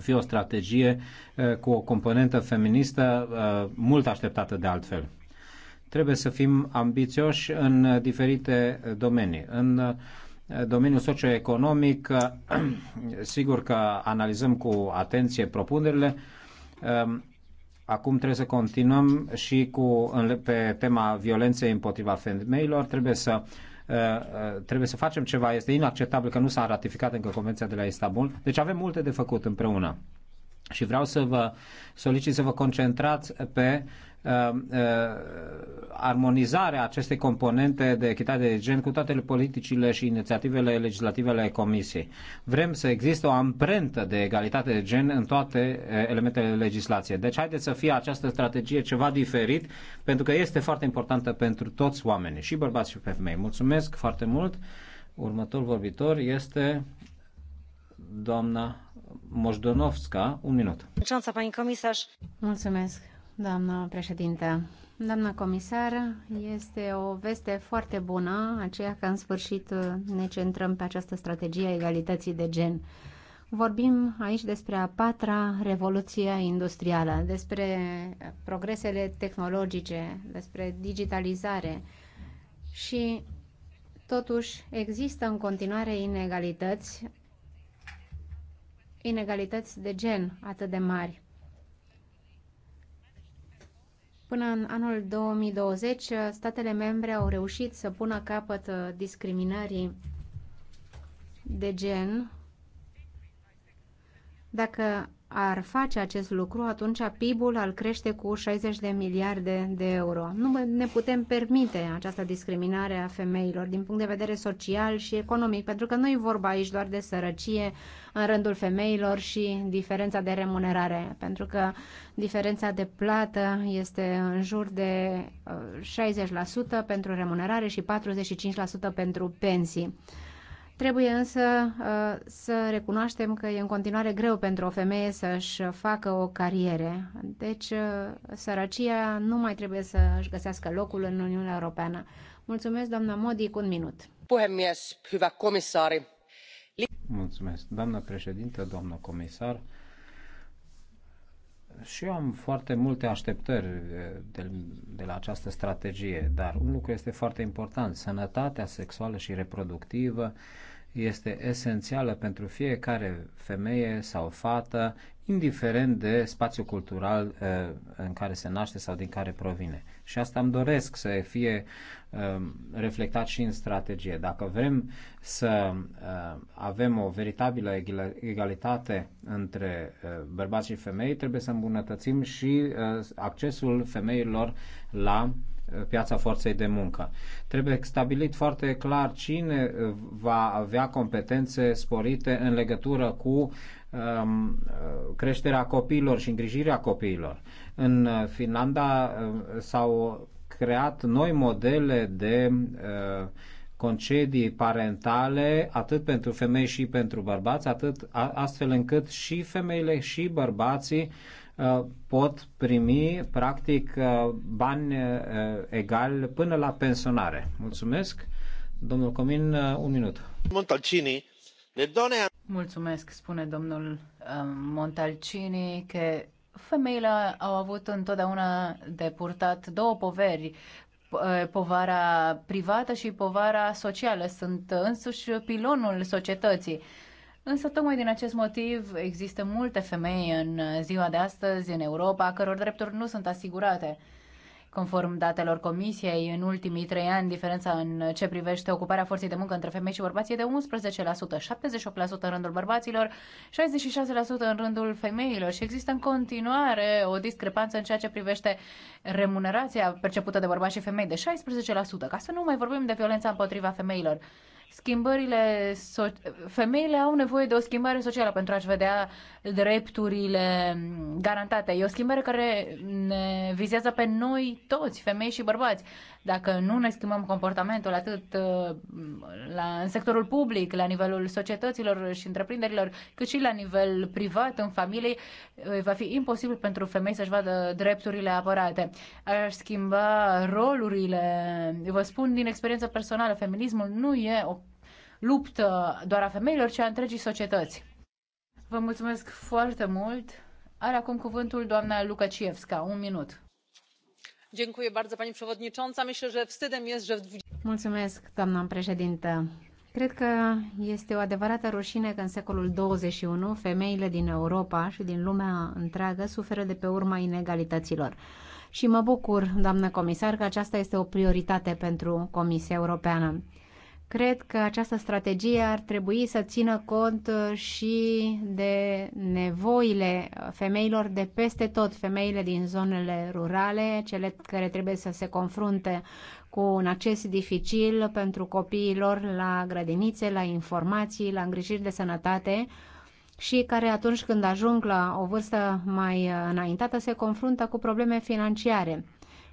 fi o strategie uh, cu o componentă feministă uh, mult așteptată de altfel. Trebuie să fim ambițioși în diferite domenii. În uh, domeniul socioeconomic, uh, sigur că analizăm cu atenție propunerile. Um, acum trebuie să continuăm și cu, pe tema violenței împotriva femeilor. Trebuie să uh, trebuie să facem ceva. Este inacceptabil că nu s-a ratificat încă Convenția de la Istanbul. Deci avem multe de făcut împreună și vreau să vă solicit să vă concentrați pe uh, uh, armonizarea acestei componente de echitate de gen cu toate politicile și inițiativele legislative ale Comisiei. Vrem să existe o amprentă de egalitate de gen în toate elementele uh, elementele legislației. Deci haideți să fie această strategie ceva diferit, pentru că este foarte importantă pentru toți oamenii, și bărbați și femei. Mulțumesc foarte mult. Următorul vorbitor este doamna Moșdonovska, un minut. Mulțumesc, doamnă președinte. Doamna comisar, este o veste foarte bună, aceea că în sfârșit ne centrăm pe această strategie a egalității de gen. Vorbim aici despre a patra revoluție industrială, despre progresele tehnologice, despre digitalizare și Totuși, există în continuare inegalități inegalități de gen atât de mari. Până în anul 2020, statele membre au reușit să pună capăt uh, discriminării de gen dacă ar face acest lucru, atunci PIB-ul ar crește cu 60 de miliarde de euro. Nu ne putem permite această discriminare a femeilor din punct de vedere social și economic, pentru că nu e vorba aici doar de sărăcie în rândul femeilor și diferența de remunerare, pentru că diferența de plată este în jur de 60% uh, pentru remunerare și 45% pentru pensii. Trebuie însă uh, să recunoaștem că e în continuare greu pentru o femeie să-și facă o carieră. Deci, uh, sărăcia nu mai trebuie să-și găsească locul în Uniunea Europeană. Mulțumesc, doamna Modi, cu un minut. hyvä Mulțumesc, doamna președintă, doamna comisar și eu am foarte multe așteptări de, de la această strategie, dar un lucru este foarte important. Sănătatea sexuală și reproductivă este esențială pentru fiecare femeie sau fată, indiferent de spațiul cultural eh, în care se naște sau din care provine. Și asta îmi doresc să fie ehm, reflectat și în strategie. Dacă vrem să eh, avem o veritabilă egalitate între eh, bărbați și femei, trebuie să îmbunătățim și accesul femeilor la uh, piața forței de muncă. Trebuie stabilit foarte clar cine uh, va avea competențe sporite în legătură cu um, uh, creșterea copiilor și îngrijirea copiilor. În uh, Finlanda s-au creat noi modele de uh, concedii parentale atât pentru femei și pentru bărbați, atât astfel încât și femeile și bărbații Uh, pot primi, practic, uh, bani uh, egali până la pensionare. Mulțumesc. Domnul Comin, un minut. Montalcini, de done... Mulțumesc, spune domnul Montalcini, că femeile au avut întotdeauna de purtat două poveri, povara privată și povara socială. Sunt însuși pilonul societății. Însă, tocmai din acest motiv, există multe femei în ziua de astăzi în Europa căror drepturi nu sunt asigurate. Conform datelor Comisiei, în ultimii trei ani, diferența în ce privește ocuparea forței de muncă între femei și bărbați e de 11%, 78% în rândul bărbaților, 66% în rândul femeilor și există în continuare o discrepanță în ceea ce privește remunerația percepută de bărbați și femei de 16%, ca să nu mai vorbim de violența împotriva femeilor schimbările so- femeile au nevoie de o schimbare socială pentru a-și vedea drepturile garantate. E o schimbare care ne vizează pe noi toți, femei și bărbați. Dacă nu ne schimbăm comportamentul atât uh, la, în sectorul public, la nivelul societăților și întreprinderilor, cât și la nivel privat, în familie, uh, va fi imposibil pentru femei să-și vadă drepturile apărate. Aș schimba rolurile. Vă spun din experiență personală, feminismul nu e o luptă doar a femeilor, ci a întregii societăți. Vă mulțumesc foarte mult. Are acum cuvântul doamna Lukaciewska. Un minut. Mulțumesc, doamna președintă. Cred că este o adevărată rușine că în secolul 21 femeile din Europa și din lumea întreagă suferă de pe urma inegalităților. Și mă bucur, doamnă comisar, că aceasta este o prioritate pentru Comisia Europeană. Cred că această strategie ar trebui să țină cont uh, și de nevoile femeilor de peste tot, femeile din zonele rurale, cele care trebuie să se confrunte cu un acces dificil pentru copiilor la grădinițe, la informații, la îngrijiri de sănătate și care atunci când ajung la o vârstă mai uh, înaintată se confruntă cu probleme financiare.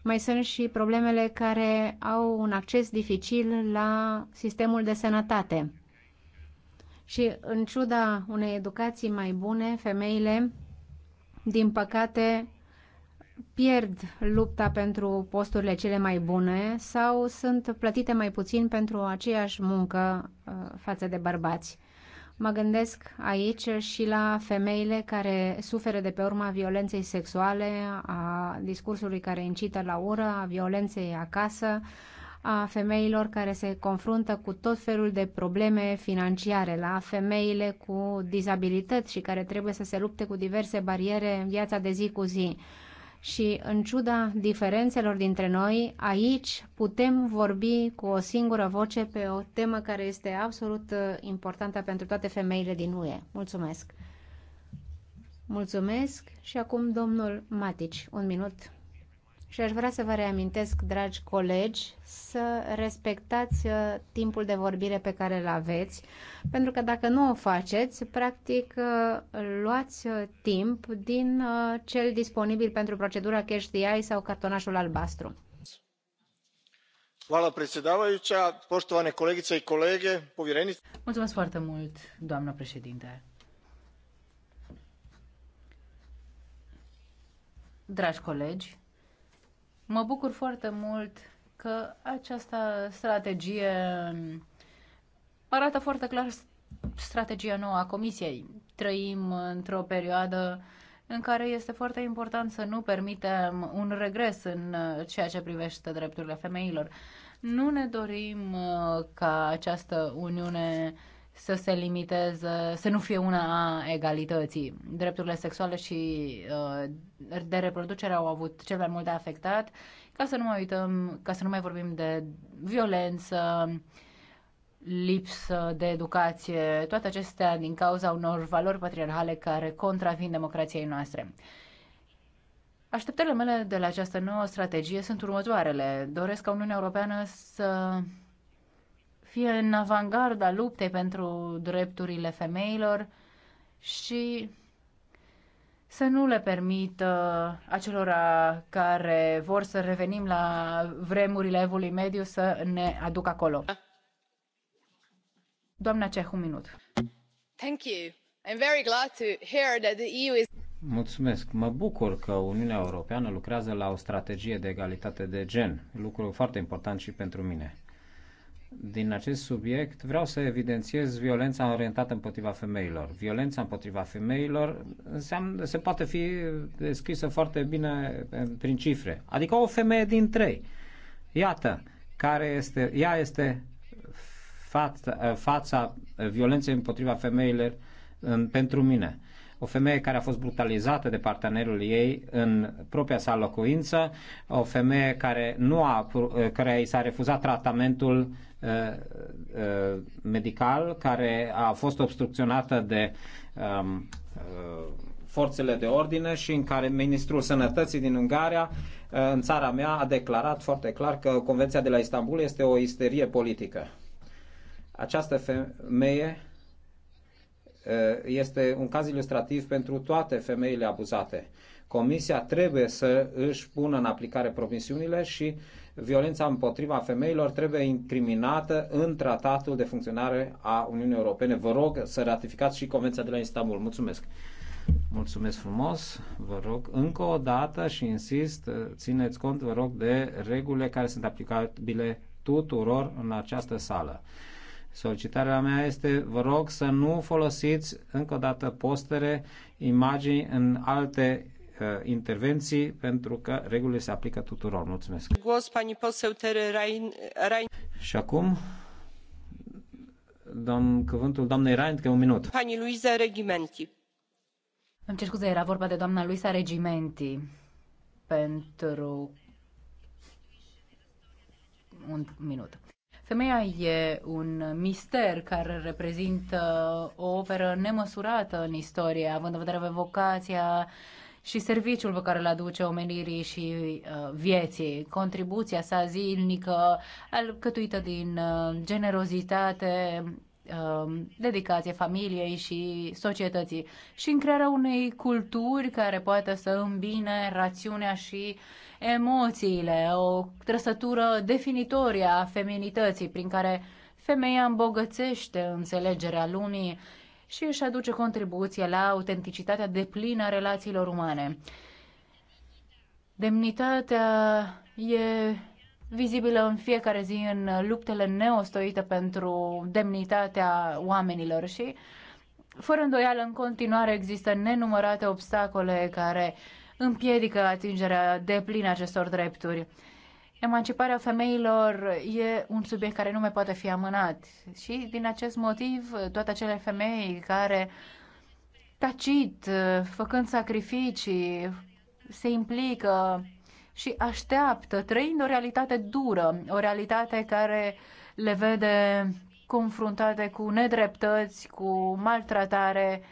Mai sunt și problemele care au un acces dificil la sistemul de sănătate. Și în ciuda unei educații mai bune, femeile, din păcate, pierd lupta pentru posturile cele mai bune sau sunt plătite mai puțin pentru aceeași muncă uh, față de bărbați. Mă gândesc aici și la femeile care suferă de pe urma violenței sexuale, a discursului care incită la ură, a violenței acasă, a femeilor care se confruntă cu tot felul de probleme financiare, la femeile cu dizabilități și care trebuie să se lupte cu diverse bariere în viața de zi cu zi și, în ciuda diferențelor dintre noi, aici putem vorbi cu o singură voce pe o temă care este absolut uh, importantă pentru toate femeile din UE. Mulțumesc! Mulțumesc și acum domnul Matici, un minut și aș vrea să vă reamintesc, dragi colegi, să respectați uh, timpul de vorbire pe care îl aveți, pentru că dacă nu o faceți, practic uh, luați uh, timp din cel disponibil pentru procedura Cash Eye sau cartonașul albastru. Vă predsjedavajuća, poštovane kolegice i kolege, Mulțumesc foarte mult, doamna președinte. Dragi colegi, Mă bucur foarte mult că această strategie um, arată foarte clar strategia nouă a Comisiei. Trăim într-o perioadă în care este foarte important să nu permitem un regres în uh, ceea ce privește drepturile femeilor. Nu ne dorim uh, ca această Uniune să se limiteze, să nu fie una a egalității. Drepturile sexuale și uh, de reproducere au avut cel mai mult de afectat, ca să nu mai uităm, ca să nu mai vorbim de violență, lipsă de educație, toate acestea din cauza unor valori patriarhale care contravin democrației noastre. Așteptările mele de la această nouă strategie sunt următoarele. Doresc ca Uniunea Europeană să fie în avangarda luptei pentru drepturile femeilor și să nu le permită acelora care vor să revenim la vremurile evului mediu să ne aducă acolo. Doamna Ceh, un minut. Thank you. I'm very glad to hear that the EU is Mulțumesc. Mă bucur că Uniunea Europeană lucrează la o strategie de egalitate de gen, lucru foarte important și pentru mine din acest subiect, vreau să evidențiez violența orientată împotriva femeilor. Violența împotriva femeilor înseamnă, se poate fi descrisă foarte bine eh, prin cifre. Adică o femeie din trei. Iată, care este, ea este fața, eh, fața violenței împotriva femeilor în, pentru mine. Uh, o femeie care a fost brutalizată de partenerul ei în propria sa locuință, o femeie care, nu a, eh, care i s-a refuzat tratamentul eh, eh, medical, care a fost obstrucționată de um, forțele de ordine și în care ministrul sănătății din Ungaria, în țara mea, a declarat foarte clar că Convenția de la Istanbul este o isterie politică. Această femeie Uh, este un caz ilustrativ pentru toate femeile abuzate. Comisia trebuie să își pună în aplicare promisiunile și violența împotriva femeilor trebuie incriminată în tratatul de funcționare a Uniunii Europene. Vă rog să ratificați și Convenția de la Istanbul. Mulțumesc! Mulțumesc frumos, vă rog încă o dată și insist, uh, țineți cont, vă rog, de regulile care sunt aplicabile tuturor în această sală. Solicitarea mea este, vă rog, să nu folosiți încă o dată postere, imagini în alte uh, intervenții, pentru că regulile se aplică tuturor. Mulțumesc. Głos pani poseł Tery Rain, Rain. Și acum, domn, cuvântul doamnei Rain, că un minut. Pani Luisa Regimenti. Îmi cer scuze, era vorba de doamna Luisa Regimenti pentru un minut. Femeia e un mister care reprezintă o operă nemăsurată în istorie, având în vedere vocația și serviciul pe care îl aduce omenirii și uh, vieții, contribuția sa zilnică, alcătuită din uh, generozitate, Um, dedicație familiei și societății și în crearea unei culturi care poate să îmbine rațiunea și emoțiile, o trăsătură definitorie a feminității prin care femeia îmbogățește înțelegerea lumii și își aduce contribuție la autenticitatea deplină a relațiilor umane. Demnitatea e vizibilă în fiecare zi în luptele neostoite pentru demnitatea oamenilor și fără îndoială în continuare există nenumărate obstacole care împiedică atingerea deplină acestor drepturi. Emanciparea femeilor e un subiect care nu mai poate fi amânat și din acest motiv toate acele femei care tacit, făcând sacrificii, se implică și așteaptă, trăind o realitate dură, o realitate care le vede confruntate cu nedreptăți, cu maltratare,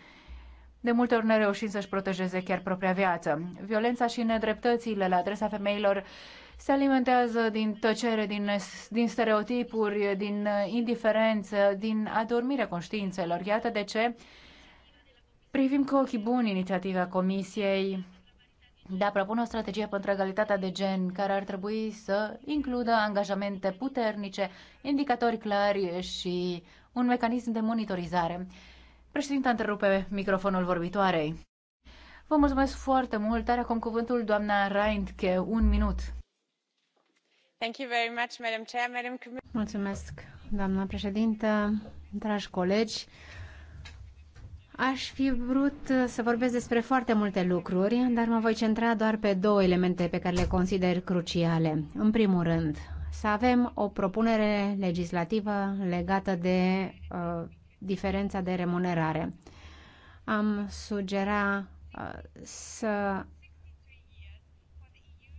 de multe ori nereușind să-și protejeze chiar propria viață. Violența și nedreptățile la adresa femeilor se alimentează din tăcere, din, din stereotipuri, din indiferență, din adormirea conștiințelor. Iată de ce privim cu ochii buni inițiativa Comisiei de a propune o strategie pentru egalitatea de gen care ar trebui să includă angajamente puternice, indicatori clari și un mecanism de monitorizare. Președinta întrerupe microfonul vorbitoarei. Vă mulțumesc foarte mult. Are acum cuvântul doamna Reintke. Un minut. Thank you very much, Madam Chair, Madam Mulțumesc, doamna președintă, dragi colegi. Aș fi vrut uh, să vorbesc despre foarte multe lucruri, dar mă voi centra doar pe două elemente pe care le consider cruciale. În primul rând, să avem o propunere legislativă legată de uh, diferența de remunerare. Am sugera uh, să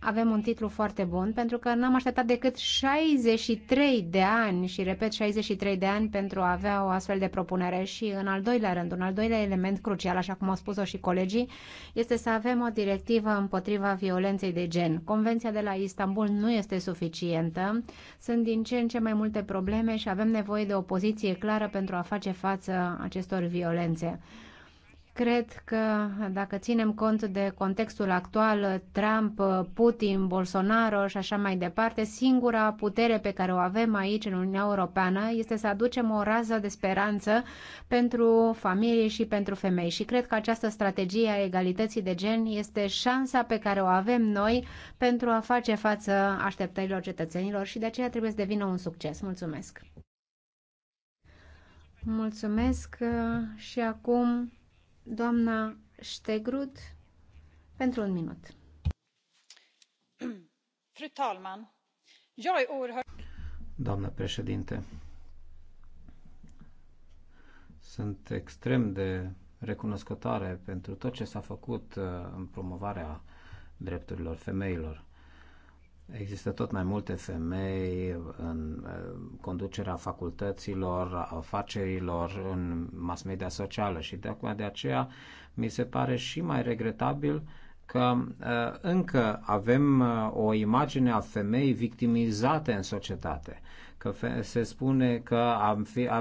avem un titlu foarte bun, pentru că n-am așteptat decât 63 de ani, și repet, 63 de ani pentru a avea o astfel de propunere. Și în al doilea rând, un al doilea element crucial, așa cum au spus-o și colegii, este să avem o directivă împotriva violenței de gen. Convenția de la Istanbul nu este suficientă, sunt din ce în ce mai multe probleme și avem nevoie de o poziție clară pentru a face față acestor violențe. Cred că dacă ținem cont de contextul actual, Trump, Putin, Bolsonaro și așa mai departe, singura putere pe care o avem aici în Uniunea Europeană este să aducem o rază de speranță pentru familii și pentru femei. Și cred că această strategie a egalității de gen este șansa pe care o avem noi pentru a face față așteptărilor cetățenilor și de aceea trebuie să devină un succes. Mulțumesc! Mulțumesc și acum doamna Stegrud pentru un minut. Fru talman, jag är oerhört... Doamnă președinte, sunt extrem de recunoscătoare pentru tot ce s-a făcut uh, în promovarea drepturilor femeilor. Există tot mai multe femei în eh, conducerea facultăților, afacerilor, în mass media socială și de acum de aceea mi se pare și mai regretabil că eh, încă avem eh, o imagine a femeii victimizate în societate, că se spune că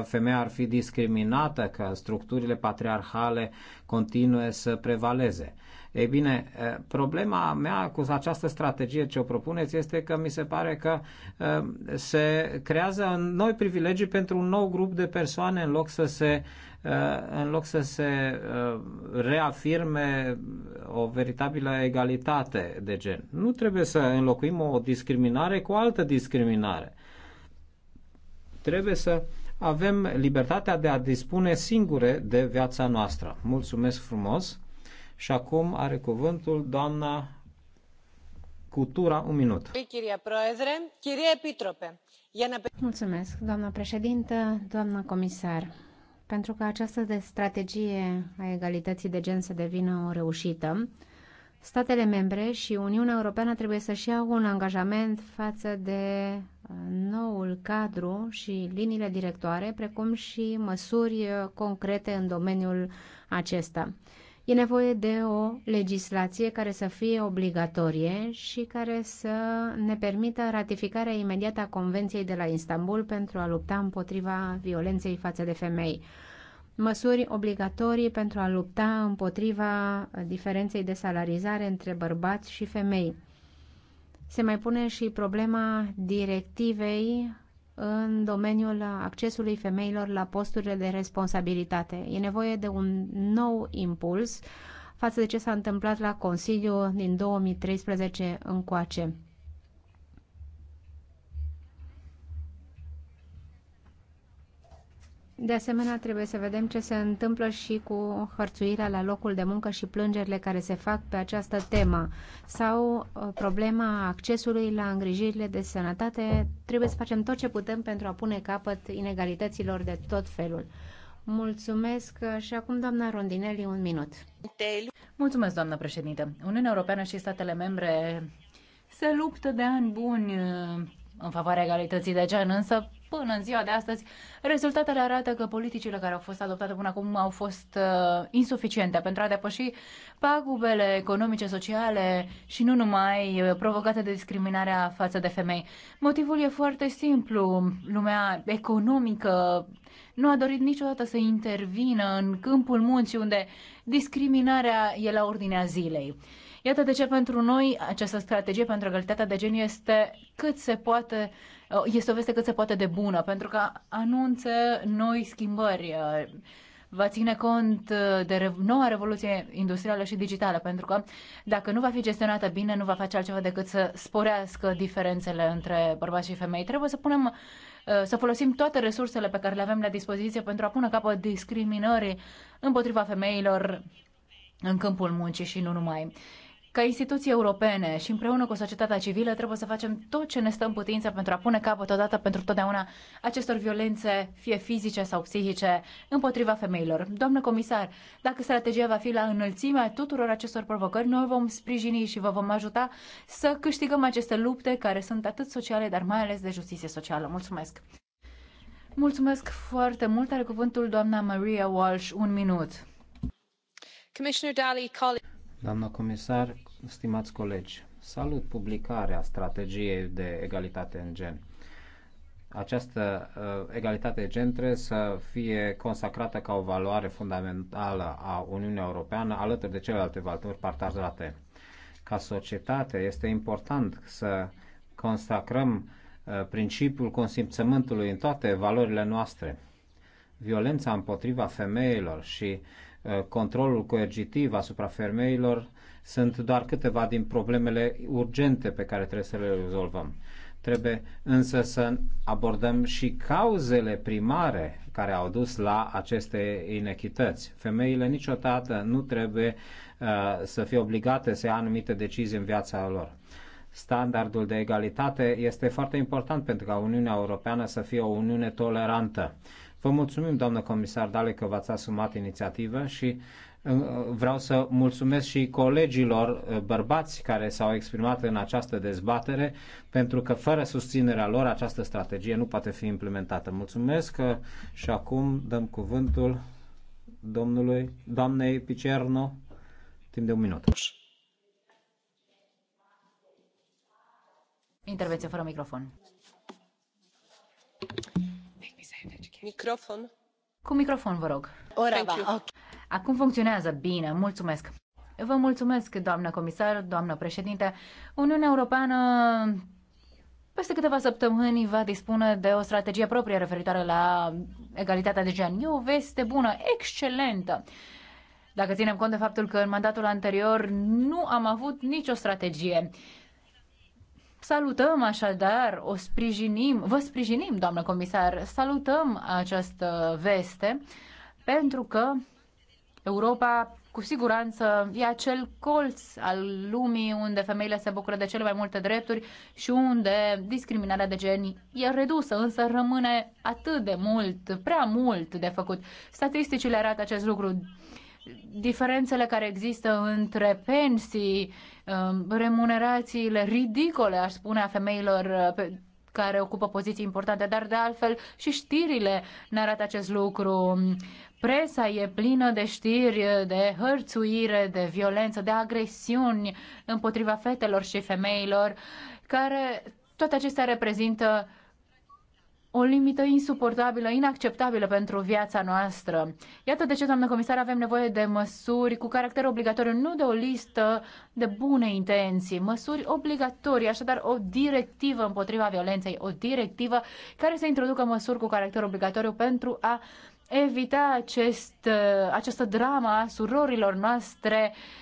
femeia ar fi discriminată, că structurile patriarhale continuă să prevaleze. Ei bine, problema mea cu această strategie ce o propuneți este că mi se pare că se creează noi privilegii pentru un nou grup de persoane în loc să se în loc să se reafirme o veritabilă egalitate de gen. Nu trebuie să înlocuim o discriminare cu o altă discriminare. Trebuie să avem libertatea de a dispune singure de viața noastră. Mulțumesc frumos! Și acum are cuvântul doamna Cutura, un minut. Mulțumesc, doamna președintă, doamna comisar. Pentru că această de strategie a egalității de gen să devină o reușită, statele membre și Uniunea Europeană trebuie să-și iau un angajament față de uh, noul cadru și liniile directoare, precum și măsuri uh, concrete în domeniul acesta. E nevoie de o legislație care să fie obligatorie și care să ne permită ratificarea imediată a Convenției de la Istanbul pentru a lupta împotriva violenței față de femei. Măsuri obligatorii pentru a lupta împotriva diferenței de salarizare între bărbați și femei. Se mai pune și problema directivei în domeniul accesului femeilor la posturile de responsabilitate. E nevoie de un nou impuls față de ce s-a întâmplat la Consiliu din 2013 încoace. De asemenea, trebuie să vedem ce se întâmplă și cu hărțuirea la locul de muncă și plângerile care se fac pe această temă sau uh, problema accesului la îngrijirile de sănătate. Trebuie să facem tot ce putem pentru a pune capăt inegalităților de tot felul. Mulțumesc și acum doamna Rondinelli un minut. Mulțumesc, doamnă președintă. Uniunea Europeană și statele membre se luptă de ani buni uh, în favoarea egalității de gen, însă Până în ziua de astăzi, rezultatele arată că politicile care au fost adoptate până acum au fost uh, insuficiente pentru a depăși pagubele economice, sociale și nu numai uh, provocate de discriminarea față de femei. Motivul e foarte simplu. Lumea economică nu a dorit niciodată să intervină în câmpul muncii unde discriminarea e la ordinea zilei. Iată de ce pentru noi această strategie pentru egalitatea de gen este cât se poate Uh, este o veste cât se poate de bună, pentru că anunță noi schimbări uh, va ține cont uh, de noua revoluție industrială și digitală, pentru că dacă nu va fi gestionată bine, nu va face altceva decât să sporească diferențele între bărbați și femei. Trebuie să punem să folosim toate resursele pe care le avem la dispoziție pentru a pune capăt discriminării împotriva femeilor în câmpul muncii și nu numai. Ca instituții europene și împreună cu societatea civilă trebuie să facem tot ce ne stă în putință pentru a pune capăt odată pentru totdeauna acestor violențe, fie fizice sau psihice, împotriva femeilor. Doamnă comisar, dacă strategia va fi la înălțimea tuturor acestor provocări, noi vom sprijini și vă vom ajuta să câștigăm aceste lupte care sunt atât sociale, dar mai ales de justiție socială. Mulțumesc! Mulțumesc foarte mult. Are cuvântul doamna Maria Walsh. Un minut. Commissioner Daly, colleague Doamnă comisar, stimați colegi, salut publicarea strategiei de egalitate în gen. Această uh, egalitate de gen trebuie să fie consacrată ca o valoare fundamentală a Uniunii Europeană alături de celelalte valori partajate. Ca societate este important să consacrăm uh, principiul consimțământului în toate valorile noastre. Violența împotriva femeilor și uh, Eh, controlul coercitiv asupra femeilor sunt doar câteva din problemele urgente pe care trebuie să le rezolvăm. Trebuie însă să abordăm și cauzele primare care au dus la aceste inechități. Femeile niciodată nu trebuie uh, să fie obligate să ia anumite decizii în viața lor. Standardul de egalitate este foarte important pentru ca Uniunea Europeană să fie o Uniune tolerantă. Uh, Vă mulțumim, doamnă comisar Dale, că v-ați asumat inițiativa și uh, vreau să mulțumesc și colegilor uh, bărbați care s-au exprimat în această dezbatere, pentru că fără susținerea lor această strategie nu poate fi implementată. Mulțumesc uh, și acum dăm cuvântul domnului, doamnei Picerno, timp de un minut. Intervenție fără microfon. Microfon. Cu microfon, vă rog. Ora va. Acum funcționează bine, mulțumesc. Vă mulțumesc, doamnă comisar, doamnă președinte. Uniunea Europeană peste câteva săptămâni va dispune de o strategie proprie referitoare la egalitatea de gen. E o veste bună, excelentă. Dacă ținem cont de faptul că în mandatul anterior nu am avut nicio strategie. Salutăm așadar, o sprijinim, vă sprijinim, doamnă comisar, salutăm această veste pentru că Europa cu siguranță e acel colț al lumii unde femeile se bucură de cele mai multe drepturi și unde discriminarea de gen e redusă, însă rămâne atât de mult, prea mult de făcut. Statisticile arată acest lucru diferențele care există între pensii, um, remunerațiile ridicole, aș spune, a femeilor uh, care ocupă poziții importante, dar de altfel și știrile ne arată acest lucru. Presa e plină de știri, uh, de hărțuire, de violență, de agresiuni împotriva fetelor și femeilor, care toate acestea reprezintă uh, o limită insuportabilă, inacceptabilă pentru viața noastră. Iată de ce, doamnă comisar, avem nevoie de măsuri cu caracter obligatoriu, nu de o listă de bune intenții, măsuri obligatorii, așadar o directivă împotriva violenței, o directivă care să introducă măsuri cu caracter obligatoriu pentru a evita acest, această drama a surorilor noastre uh,